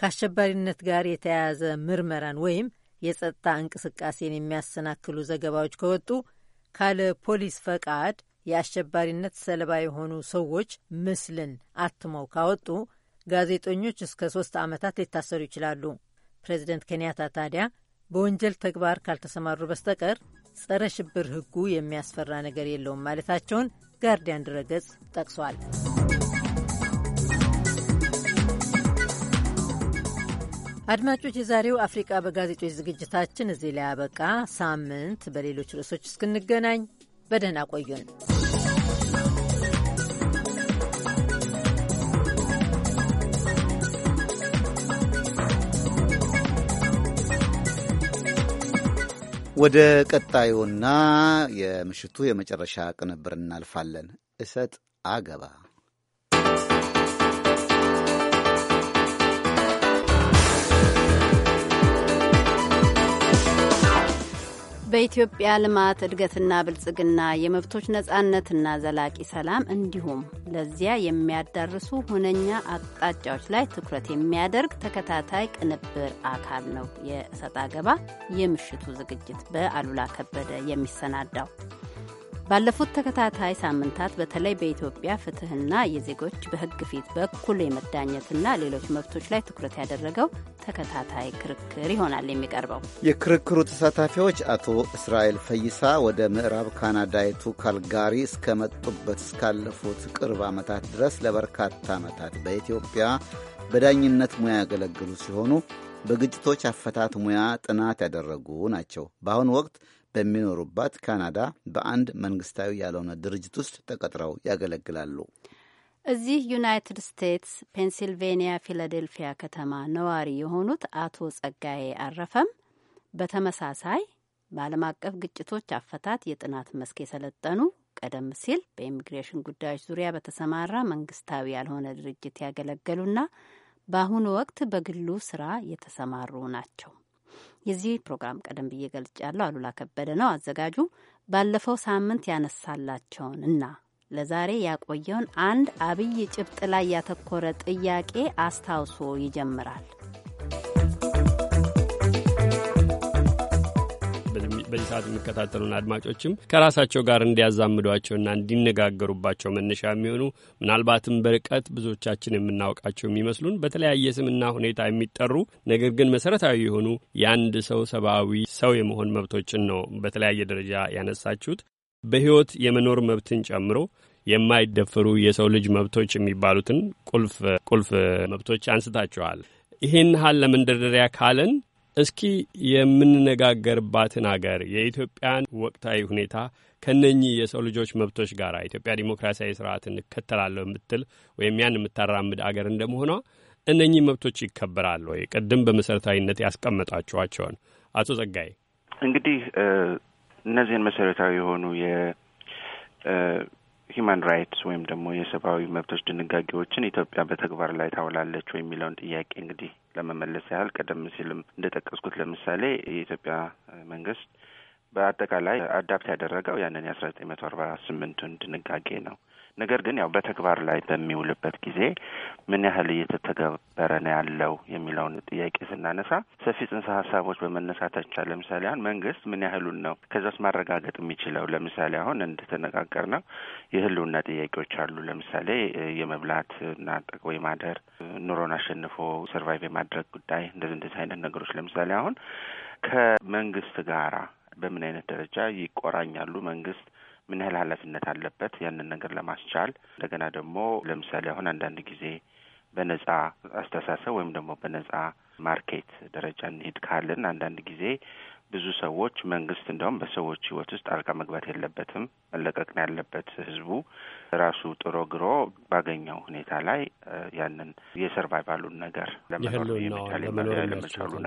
[SPEAKER 6] ከአሸባሪነት ጋር የተያያዘ ምርመራን ወይም የጸጥታ እንቅስቃሴን የሚያሰናክሉ ዘገባዎች ከወጡ ካለ ፖሊስ ፈቃድ የአሸባሪነት ሰለባ የሆኑ ሰዎች ምስልን አትመው ካወጡ ጋዜጠኞች እስከ ሶስት ዓመታት ሊታሰሩ ይችላሉ። ፕሬዚደንት ኬንያታ ታዲያ በወንጀል ተግባር ካልተሰማሩ በስተቀር ጸረ ሽብር ሕጉ የሚያስፈራ ነገር የለውም ማለታቸውን ጋርዲያን ድረገጽ ጠቅሷል። አድማጮች፣ የዛሬው አፍሪቃ በጋዜጦች ዝግጅታችን እዚህ ላይ አበቃ። ሳምንት በሌሎች ርዕሶች እስክንገናኝ በደህና ቆዩን።
[SPEAKER 2] ወደ ቀጣዩና የምሽቱ የመጨረሻ ቅንብር እናልፋለን። እሰጥ አገባ
[SPEAKER 1] በኢትዮጵያ ልማት እድገትና ብልጽግና የመብቶች ነጻነትና ዘላቂ ሰላም እንዲሁም ለዚያ የሚያዳርሱ ሁነኛ አቅጣጫዎች ላይ ትኩረት የሚያደርግ ተከታታይ ቅንብር አካል ነው። የእሰጥ አገባ የምሽቱ ዝግጅት በአሉላ ከበደ የሚሰናዳው ባለፉት ተከታታይ ሳምንታት በተለይ በኢትዮጵያ ፍትህና የዜጎች በህግ ፊት በኩል የመዳኘትና ሌሎች መብቶች ላይ ትኩረት ያደረገው ተከታታይ ክርክር ይሆናል የሚቀርበው።
[SPEAKER 2] የክርክሩ ተሳታፊዎች አቶ እስራኤል ፈይሳ ወደ ምዕራብ ካናዳይቱ ካልጋሪ እስከመጡበት እስካለፉት ቅርብ ዓመታት ድረስ ለበርካታ ዓመታት በኢትዮጵያ በዳኝነት ሙያ ያገለግሉ ሲሆኑ በግጭቶች አፈታት ሙያ ጥናት ያደረጉ ናቸው። በአሁኑ ወቅት በሚኖሩባት ካናዳ በአንድ መንግስታዊ ያልሆነ ድርጅት ውስጥ ተቀጥረው ያገለግላሉ።
[SPEAKER 1] እዚህ ዩናይትድ ስቴትስ ፔንሲልቬንያ ፊላዴልፊያ ከተማ ነዋሪ የሆኑት አቶ ጸጋዬ አረፈም በተመሳሳይ በዓለም አቀፍ ግጭቶች አፈታት የጥናት መስክ የሰለጠኑ ቀደም ሲል በኢሚግሬሽን ጉዳዮች ዙሪያ በተሰማራ መንግስታዊ ያልሆነ ድርጅት ያገለገሉና በአሁኑ ወቅት በግሉ ስራ የተሰማሩ ናቸው። የዚህ ፕሮግራም ቀደም ብዬ ገልጫለሁ፣ ያለው አሉላ ከበደ ነው አዘጋጁ። ባለፈው ሳምንት ያነሳላቸውን እና ለዛሬ ያቆየውን አንድ አብይ ጭብጥ ላይ ያተኮረ ጥያቄ አስታውሶ ይጀምራል።
[SPEAKER 13] በዚህ ሰዓት የሚከታተሉን አድማጮችም ከራሳቸው ጋር እንዲያዛምዷቸውና እንዲነጋገሩባቸው መነሻ የሚሆኑ ምናልባትም በርቀት ብዙዎቻችን የምናውቃቸው የሚመስሉን በተለያየ ስምና ሁኔታ የሚጠሩ ነገር ግን መሰረታዊ የሆኑ የአንድ ሰው ሰብአዊ ሰው የመሆን መብቶችን ነው በተለያየ ደረጃ ያነሳችሁት በሕይወት የመኖር መብትን ጨምሮ የማይደፈሩ የሰው ልጅ መብቶች የሚባሉትን ቁልፍ ቁልፍ መብቶች አንስታችኋል። ይህን ሀል ለመንደርደሪያ ካለን እስኪ የምንነጋገርባትን አገር የኢትዮጵያን ወቅታዊ ሁኔታ ከነኚህ የሰው ልጆች መብቶች ጋር ኢትዮጵያ ዲሞክራሲያዊ ስርዓት እንከተላለሁ የምትል ወይም ያን የምታራምድ አገር እንደመሆኗ እነኚህ መብቶች ይከበራሉ ወይ? ቅድም በመሰረታዊነት ያስቀመጣችኋቸውን አቶ ጸጋይ
[SPEAKER 8] እንግዲህ እነዚህን መሰረታዊ የሆኑ ሂማን ራይትስ ወይም ደግሞ የሰብአዊ መብቶች ድንጋጌዎችን ኢትዮጵያ በተግባር ላይ ታውላለች ወይ የሚለውን ጥያቄ እንግዲህ ለመመለስ ያህል ቀደም ሲልም እንደጠቀስኩት ለምሳሌ የኢትዮጵያ መንግስት በአጠቃላይ አዳፕት ያደረገው ያንን የአስራ ዘጠኝ መቶ አርባ ስምንቱን ድንጋጌ ነው። ነገር ግን ያው በተግባር ላይ በሚውልበት ጊዜ ምን ያህል እየተተገበረ ነው ያለው የሚለውን ጥያቄ ስናነሳ ሰፊ ጽንሰ ሀሳቦች በመነሳታቻ ለምሳሌ አሁን መንግስት ምን ያህሉን ነው ከዛስ ማረጋገጥ የሚችለው? ለምሳሌ አሁን እንደተነጋገር ነው የህልውና ጥያቄዎች አሉ። ለምሳሌ የመብላት እና ጠቅቦ የማደር ኑሮን አሸንፎ ሰርቫይቭ የማድረግ ጉዳይ እንደዚህ እንደዚህ አይነት ነገሮች ለምሳሌ አሁን ከመንግስት ጋራ በምን አይነት ደረጃ ይቆራኛሉ መንግስት ምን ያህል ኃላፊነት አለበት ያንን ነገር ለማስቻል እንደገና ደግሞ ለምሳሌ አሁን አንዳንድ ጊዜ በነጻ አስተሳሰብ ወይም ደግሞ በነጻ ማርኬት ደረጃ እንሄድ ካልን አንዳንድ ጊዜ ብዙ ሰዎች መንግስት እንደውም በሰዎች ህይወት ውስጥ ጣልቃ መግባት የለበትም፣ መለቀቅ ነው ያለበት። ህዝቡ ራሱ ጥሮ ግሮ ባገኘው ሁኔታ ላይ ያንን የሰርቫይቫሉን ነገር ለመኖር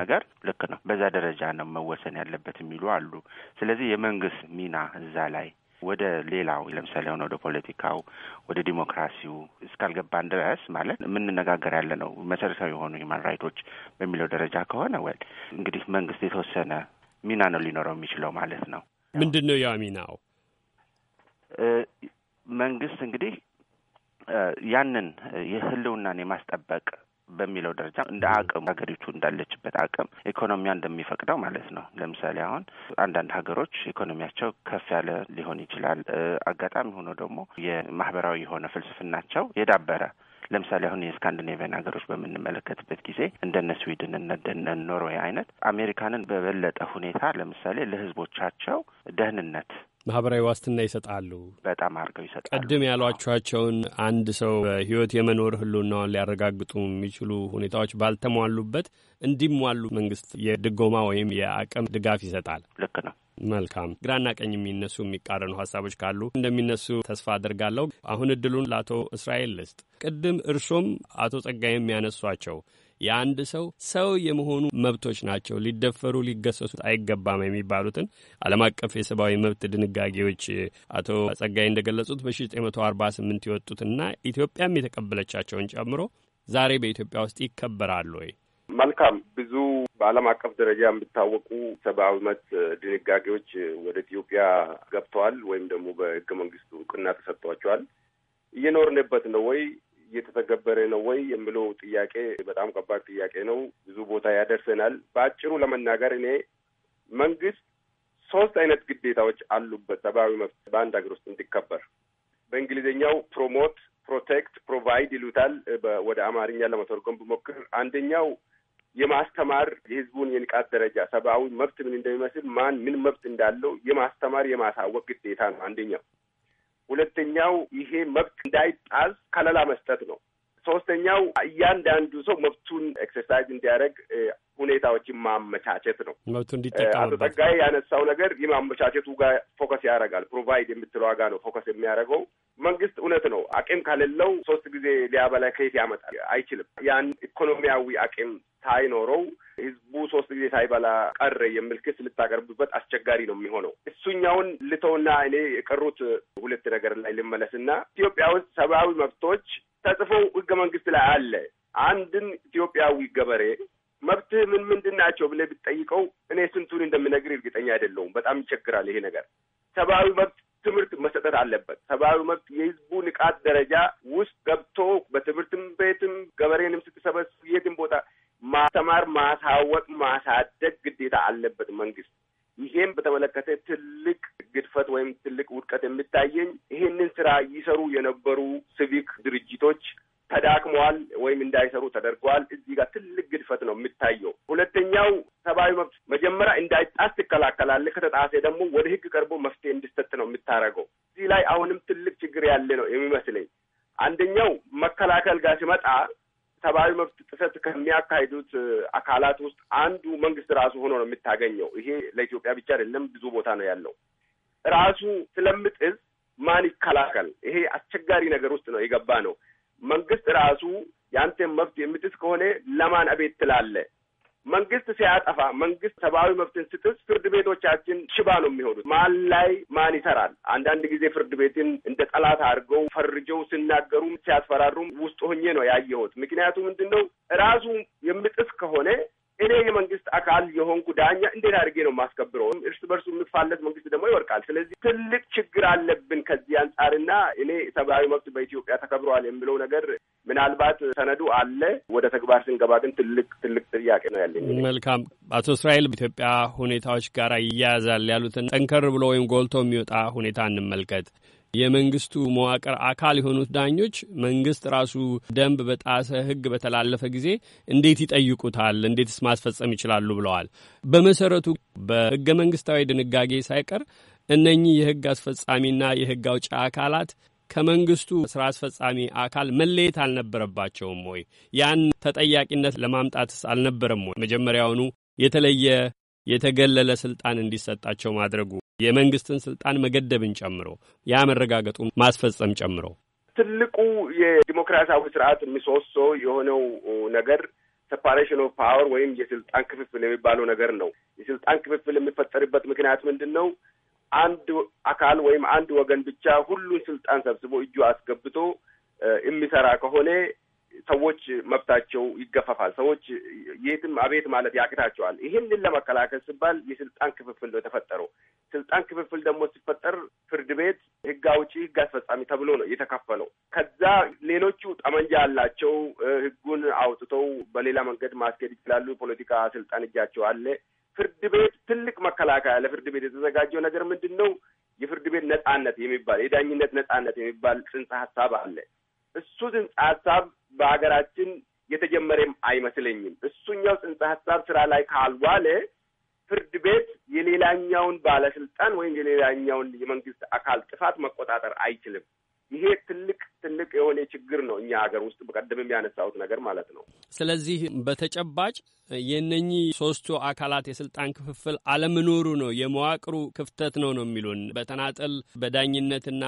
[SPEAKER 8] ነገር ልክ ነው፣ በዛ ደረጃ ነው መወሰን ያለበት የሚሉ አሉ። ስለዚህ የመንግስት ሚና እዛ ላይ ወደ ሌላው ለምሳሌ አሁን ወደ ፖለቲካው ወደ ዲሞክራሲው እስካልገባን ድረስ ማለት የምንነጋገር ያለ ነው መሰረታዊ የሆኑ ሂማን ራይቶች በሚለው ደረጃ ከሆነ ወል እንግዲህ መንግስት የተወሰነ ሚና ነው ሊኖረው የሚችለው ማለት ነው።
[SPEAKER 13] ምንድን ነው ያ ሚናው? መንግስት እንግዲህ
[SPEAKER 8] ያንን የህልውናን የማስጠበቅ በሚለው ደረጃ እንደ አቅም ሀገሪቱ እንዳለችበት አቅም ኢኮኖሚያ እንደሚፈቅደው ማለት ነው። ለምሳሌ አሁን አንዳንድ ሀገሮች ኢኮኖሚያቸው ከፍ ያለ ሊሆን ይችላል። አጋጣሚ ሆኖ ደግሞ የማህበራዊ የሆነ ፍልስፍናቸው የዳበረ ለምሳሌ አሁን የስካንዲኔቪያን ሀገሮች በምንመለከትበት ጊዜ እንደነ ስዊድን እንደነ ኖርዌይ አይነት አሜሪካንን በበለጠ ሁኔታ ለምሳሌ ለህዝቦቻቸው
[SPEAKER 13] ደህንነት ማህበራዊ ዋስትና ይሰጣሉ። በጣም አድርገው ይሰጣሉ። ቅድም ያሏቸኋቸውን አንድ ሰው በህይወት የመኖር ህልውናውን ሊያረጋግጡ የሚችሉ ሁኔታዎች ባልተሟሉበት እንዲሟሉ መንግስት የድጎማ ወይም የአቅም ድጋፍ ይሰጣል። ልክ ነው። መልካም። ግራና ቀኝ የሚነሱ የሚቃረኑ ሀሳቦች ካሉ እንደሚነሱ ተስፋ አድርጋለሁ። አሁን እድሉን ለአቶ እስራኤል ልስጥ። ቅድም እርሶም አቶ ጸጋይም ያነሷቸው የአንድ ሰው ሰው የመሆኑ መብቶች ናቸው፣ ሊደፈሩ ሊገሰሱ አይገባም የሚባሉትን ዓለም አቀፍ የሰብአዊ መብት ድንጋጌዎች አቶ ጸጋይ እንደገለጹት በ1948 የወጡትና ኢትዮጵያም የተቀበለቻቸውን ጨምሮ ዛሬ በኢትዮጵያ ውስጥ ይከበራሉ ወይ? መልካም
[SPEAKER 14] ብዙ በዓለም አቀፍ ደረጃ የሚታወቁ ሰብአዊ መብት ድንጋጌዎች ወደ ኢትዮጵያ ገብተዋል ወይም ደግሞ በህገ መንግስቱ እውቅና ተሰጥቷቸዋል። እየኖርንበት ነው ወይ እየተተገበረ ነው ወይ የምለው ጥያቄ በጣም ከባድ ጥያቄ ነው። ብዙ ቦታ ያደርሰናል። በአጭሩ ለመናገር እኔ መንግስት ሶስት አይነት ግዴታዎች አሉበት ሰብአዊ መብት በአንድ ሀገር ውስጥ እንዲከበር በእንግሊዝኛው ፕሮሞት፣ ፕሮቴክት፣ ፕሮቫይድ ይሉታል። ወደ አማርኛ ለመተርጎም ብሞክር አንደኛው የማስተማር የህዝቡን የንቃት ደረጃ ሰብአዊ መብት ምን እንደሚመስል ማን ምን መብት እንዳለው የማስተማር የማሳወቅ ግዴታ ነው አንደኛው። ሁለተኛው ይሄ መብት እንዳይጣዝ ከለላ መስጠት ነው። ሶስተኛው እያንዳንዱ ሰው መብቱን ኤክሰርሳይዝ እንዲያደርግ ሁኔታዎችን ማመቻቸት ነው።
[SPEAKER 13] መብቱ እንዲጠቀምበት አቶ ጸጋዬ
[SPEAKER 14] ያነሳው ነገር የማመቻቸቱ ጋር ፎከስ ያደርጋል። ፕሮቫይድ የምትለው ዋጋ ነው ፎከስ የሚያደርገው። መንግስት እውነት ነው አቅም ከሌለው ሶስት ጊዜ ሊያበላ ከየት ያመጣል? አይችልም። ያን ኢኮኖሚያዊ አቅም ሳይኖረው ህዝቡ ሶስት ጊዜ ሳይበላ ቀረ የሚል ክስ ልታቀርቡበት አስቸጋሪ ነው የሚሆነው። እሱኛውን ልተውና እኔ የቀሩት ሁለት ነገር ላይ ልመለስና ኢትዮጵያ ውስጥ ሰብአዊ መብቶች ተጽፎ ህገ መንግስት ላይ አለ። አንድን ኢትዮጵያዊ ገበሬ መብትህ ምን ምንድን ናቸው ብለህ ብትጠይቀው እኔ ስንቱን እንደምነግር እርግጠኛ አይደለሁም። በጣም ይቸግራል ይሄ ነገር። ሰብአዊ መብት ትምህርት መሰጠት አለበት። ሰብአዊ መብት የህዝቡ ንቃት ደረጃ ውስጥ ገብቶ በትምህርትም ቤትም ገበሬንም ስትሰበስብ የትም ቦታ ማስተማር፣ ማሳወቅ፣ ማሳደግ ግዴታ አለበት መንግስት። ይሄም በተመለከተ ትልቅ ግድፈት ወይም ትልቅ ውድቀት የሚታየኝ ይሄንን ስራ ይሰሩ የነበሩ ሲቪክ ድርጅቶች ተዳክመዋል ወይም እንዳይሰሩ ተደርገዋል። እዚህ ጋር ትልቅ ግድፈት ነው የሚታየው። ሁለተኛው ሰብአዊ መብት መጀመሪያ እንዳይጣስ ትከላከላለህ፣ ከተጣሴ ደግሞ ወደ ህግ ቀርቦ መፍትሄ እንዲሰጥ ነው የምታደርገው። እዚህ ላይ አሁንም ትልቅ ችግር ያለ ነው የሚመስለኝ። አንደኛው መከላከል ጋር ሲመጣ ሰብአዊ መብት ጥሰት ከሚያካሂዱት አካላት ውስጥ አንዱ መንግስት ራሱ ሆኖ ነው የምታገኘው። ይሄ ለኢትዮጵያ ብቻ አይደለም፣ ብዙ ቦታ ነው ያለው። ራሱ ስለምጥስ ማን ይከላከል? ይሄ አስቸጋሪ ነገር ውስጥ ነው የገባ ነው። መንግስት ራሱ የአንተን መብት የምጥስ ከሆነ ለማን አቤት ትላለህ? መንግስት ሲያጠፋ መንግስት ሰብአዊ መብትን ስጥስ ፍርድ ቤቶቻችን ሽባ ነው የሚሆኑት። ማን ላይ ማን ይሰራል? አንዳንድ ጊዜ ፍርድ ቤትን እንደ ጠላት አድርገው ፈርጀው ሲናገሩም ሲያስፈራሩም ውስጥ ሆኜ ነው ያየሁት። ምክንያቱ ምንድን ነው? ራሱ የሚጥስ ከሆነ እኔ የመንግስት አካል የሆንኩ ዳኛ እንዴት አድርጌ ነው የማስከብረው? እርስ በርሱ የምትፋለት መንግስት ደግሞ ይወርቃል። ስለዚህ ትልቅ ችግር አለብን ከዚህ አንጻርና እኔ ሰብአዊ መብት በኢትዮጵያ ተከብረዋል የምለው ነገር ምናልባት ሰነዱ አለ፣ ወደ ተግባር ስንገባ ግን ትልቅ ትልቅ ጥያቄ
[SPEAKER 13] ነው ያለኝ። መልካም አቶ እስራኤል ኢትዮጵያ ሁኔታዎች ጋር ይያያዛል ያሉትን ጠንከር ብሎ ወይም ጎልቶ የሚወጣ ሁኔታ እንመልከት። የመንግስቱ መዋቅር አካል የሆኑት ዳኞች መንግስት ራሱ ደንብ በጣሰ ህግ በተላለፈ ጊዜ እንዴት ይጠይቁታል? እንዴትስ ማስፈጸም ይችላሉ? ብለዋል። በመሰረቱ በህገ መንግስታዊ ድንጋጌ ሳይቀር እነኚህ የህግ አስፈጻሚና የህግ አውጪ አካላት ከመንግስቱ ስራ አስፈጻሚ አካል መለየት አልነበረባቸውም ወይ? ያን ተጠያቂነት ለማምጣትስ አልነበረም ወይ? መጀመሪያውኑ የተለየ የተገለለ ስልጣን እንዲሰጣቸው ማድረጉ የመንግስትን ስልጣን መገደብን ጨምሮ ያ መረጋገጡን ማስፈጸም ጨምሮ
[SPEAKER 14] ትልቁ የዲሞክራሲያዊ ስርዓት የሚሶሶ የሆነው ነገር ሴፓሬሽን ኦፍ ፓወር ወይም የስልጣን ክፍፍል የሚባለው ነገር ነው። የስልጣን ክፍፍል የሚፈጠርበት ምክንያት ምንድን ነው? አንድ አካል ወይም አንድ ወገን ብቻ ሁሉን ስልጣን ሰብስቦ እጁ አስገብቶ የሚሰራ ከሆነ ሰዎች መብታቸው ይገፈፋል። ሰዎች የትም አቤት ማለት ያቅታቸዋል። ይህንን ለመከላከል ሲባል የስልጣን ክፍፍል ነው የተፈጠረው። ስልጣን ክፍፍል ደግሞ ሲፈጠር ፍርድ ቤት፣ ህግ አውጪ፣ ህግ አስፈጻሚ ተብሎ ነው የተከፈለው። ከዛ ሌሎቹ ጠመንጃ አላቸው። ህጉን አውጥተው በሌላ መንገድ ማስኬድ ይችላሉ። የፖለቲካ ስልጣን እጃቸው አለ። ፍርድ ቤት ትልቅ መከላከያ ለፍርድ ቤት የተዘጋጀው ነገር ምንድን ነው? የፍርድ ቤት ነጻነት የሚባል የዳኝነት ነጻነት የሚባል ጽንሰ ሀሳብ አለ። እሱ ጽንሰ ሀሳብ በሀገራችን የተጀመረም አይመስለኝም። እሱኛው ጽንሰ ሀሳብ ስራ ላይ ካልዋለ ፍርድ ቤት የሌላኛውን ባለስልጣን ወይም የሌላኛውን የመንግስት አካል ጥፋት መቆጣጠር አይችልም። ይሄ ትልቅ ትልቅ የሆነ ችግር ነው እኛ ሀገር ውስጥ በቀደምም ያነሳሁት ነገር ማለት ነው።
[SPEAKER 13] ስለዚህ በተጨባጭ የእነኚህ ሶስቱ አካላት የስልጣን ክፍፍል አለመኖሩ ነው የመዋቅሩ ክፍተት ነው ነው የሚሉን በተናጠል በዳኝነትና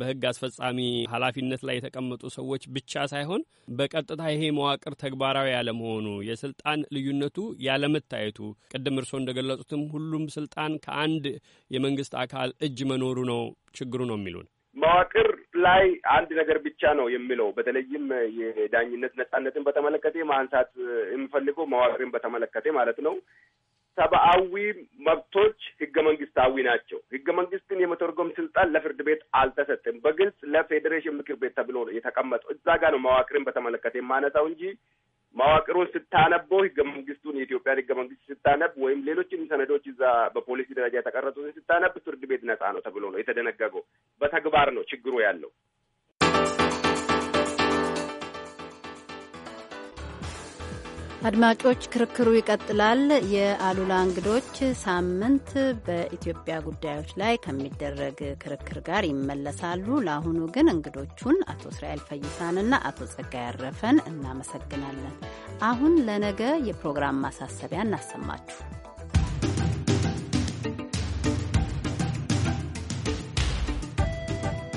[SPEAKER 13] በህግ አስፈጻሚ ኃላፊነት ላይ የተቀመጡ ሰዎች ብቻ ሳይሆን በቀጥታ ይሄ መዋቅር ተግባራዊ ያለመሆኑ የስልጣን ልዩነቱ ያለመታየቱ፣ ቅድም እርስዎ እንደገለጹትም ሁሉም ስልጣን ከአንድ የመንግስት አካል እጅ መኖሩ ነው ችግሩ ነው የሚሉን
[SPEAKER 14] መዋቅር ላይ አንድ ነገር ብቻ ነው የሚለው። በተለይም የዳኝነት ነጻነትን በተመለከተ ማንሳት የሚፈልገው መዋቅርን በተመለከተ ማለት ነው። ሰብአዊ መብቶች ህገ መንግስታዊ ናቸው። ህገ መንግስትን የመተርጎም ስልጣን ለፍርድ ቤት አልተሰጥም። በግልጽ ለፌዴሬሽን ምክር ቤት ተብሎ የተቀመጠው እዛ ጋ ነው። መዋቅርን በተመለከተ የማነሳው እንጂ መዋቅሩን ስታነበው ህገ መንግስቱን የኢትዮጵያን ህገ መንግስት ስታነብ ወይም ሌሎችን ሰነዶች እዛ በፖሊሲ ደረጃ የተቀረጹትን ስታነብ ፍርድ ቤት ነጻ ነው ተብሎ ነው የተደነገገው። በተግባር ነው ችግሩ ያለው።
[SPEAKER 1] አድማጮች፣ ክርክሩ ይቀጥላል። የአሉላ እንግዶች ሳምንት በኢትዮጵያ ጉዳዮች ላይ ከሚደረግ ክርክር ጋር ይመለሳሉ። ለአሁኑ ግን እንግዶቹን አቶ እስራኤል ፈይሳንና አቶ ጸጋ ያረፈን እናመሰግናለን። አሁን ለነገ የፕሮግራም ማሳሰቢያ እናሰማችሁ።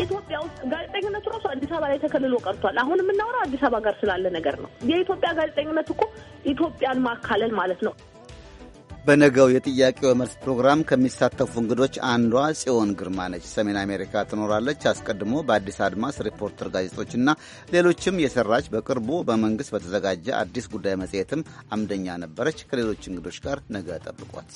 [SPEAKER 3] ኢትዮጵያ ውስጥ ጋዜጠኝነቱ ራሱ አዲስ አበባ ላይ ተከልሎ ቀርቷል። አሁን የምናወራው አዲስ አበባ ጋር ስላለ ነገር ነው። የኢትዮጵያ ጋዜጠኝነት እኮ ኢትዮጵያን ማካለል ማለት ነው።
[SPEAKER 2] በነገው የጥያቄው መልስ ፕሮግራም ከሚሳተፉ እንግዶች አንዷ ጽዮን ግርማ ነች። ሰሜን አሜሪካ ትኖራለች። አስቀድሞ በአዲስ አድማስ፣ ሪፖርተር ጋዜጦችና ሌሎችም የሰራች በቅርቡ በመንግስት በተዘጋጀ አዲስ ጉዳይ መጽሔትም አምደኛ ነበረች። ከሌሎች እንግዶች ጋር ነገ ጠብቋት።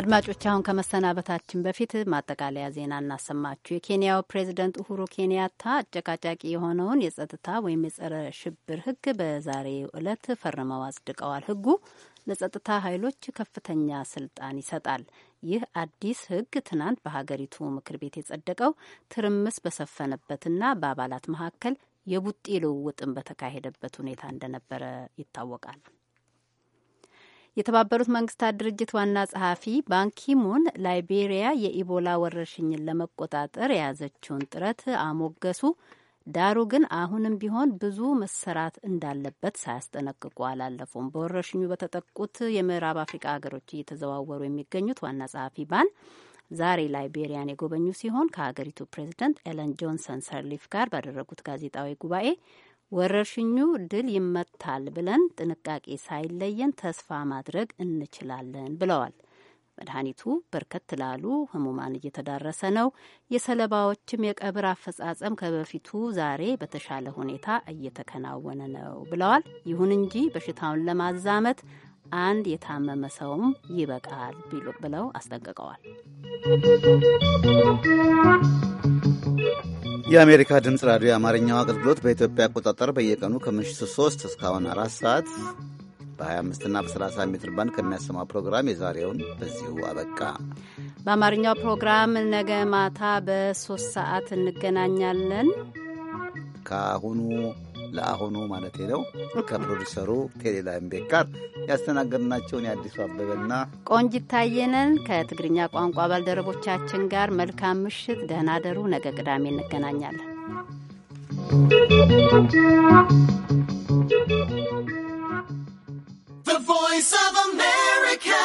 [SPEAKER 1] አድማጮች አሁን ከመሰናበታችን በፊት ማጠቃለያ ዜና እናሰማችሁ። የኬንያው ፕሬዚደንት ኡሁሩ ኬንያታ አጨቃጫቂ የሆነውን የጸጥታ ወይም የጸረ ሽብር ሕግ በዛሬው ዕለት ፈርመው አጽድቀዋል። ህጉ ለጸጥታ ኃይሎች ከፍተኛ ስልጣን ይሰጣል። ይህ አዲስ ህግ ትናንት በሀገሪቱ ምክር ቤት የጸደቀው ትርምስ በሰፈነበትና በአባላት መካከል የቡጢ ልውውጥን በተካሄደበት ሁኔታ እንደነበረ ይታወቃል። የተባበሩት መንግስታት ድርጅት ዋና ጸሐፊ ባንኪሙን ላይቤሪያ የኢቦላ ወረርሽኝን ለመቆጣጠር የያዘችውን ጥረት አሞገሱ። ዳሩ ግን አሁንም ቢሆን ብዙ መሰራት እንዳለበት ሳያስጠነቅቁ አላለፉም። በወረርሽኙ በተጠቁት የምዕራብ አፍሪቃ ሀገሮች እየተዘዋወሩ የሚገኙት ዋና ጸሐፊ ባን ዛሬ ላይቤሪያን የጎበኙ ሲሆን ከሀገሪቱ ፕሬዚደንት ኤለን ጆንሰን ሰርሊፍ ጋር ባደረጉት ጋዜጣዊ ጉባኤ ወረርሽኙ ድል ይመታል ብለን ጥንቃቄ ሳይለየን ተስፋ ማድረግ እንችላለን ብለዋል። መድኃኒቱ በርከት ላሉ ህሙማን እየተዳረሰ ነው። የሰለባዎችም የቀብር አፈጻጸም ከበፊቱ ዛሬ በተሻለ ሁኔታ እየተከናወነ ነው ብለዋል። ይሁን እንጂ በሽታውን ለማዛመት አንድ የታመመ ሰውም ይበቃል ብለው አስጠንቅቀዋል።
[SPEAKER 2] የአሜሪካ ድምፅ ራዲዮ የአማርኛው አገልግሎት በኢትዮጵያ አቆጣጠር በየቀኑ ከምሽቱ 3 እስካሁን አራት ሰዓት በ25 እና በ30 ሜትር ባንድ ከሚያሰማው ፕሮግራም የዛሬውን በዚሁ አበቃ።
[SPEAKER 1] በአማርኛው ፕሮግራም ነገ ማታ በሶስት ሰዓት እንገናኛለን።
[SPEAKER 2] ከአሁኑ ለአሁኑ ማለት ነው ከፕሮዲሰሩ ቴሌላይምቤክ ጋር ያስተናገድናቸውን የአዲሱ አበበና
[SPEAKER 1] ቆንጂት ታየነን ከትግርኛ ቋንቋ ባልደረቦቻችን ጋር መልካም ምሽት፣ ደህና ደሩ። ነገ ቅዳሜ እንገናኛለን።
[SPEAKER 5] The Voice of America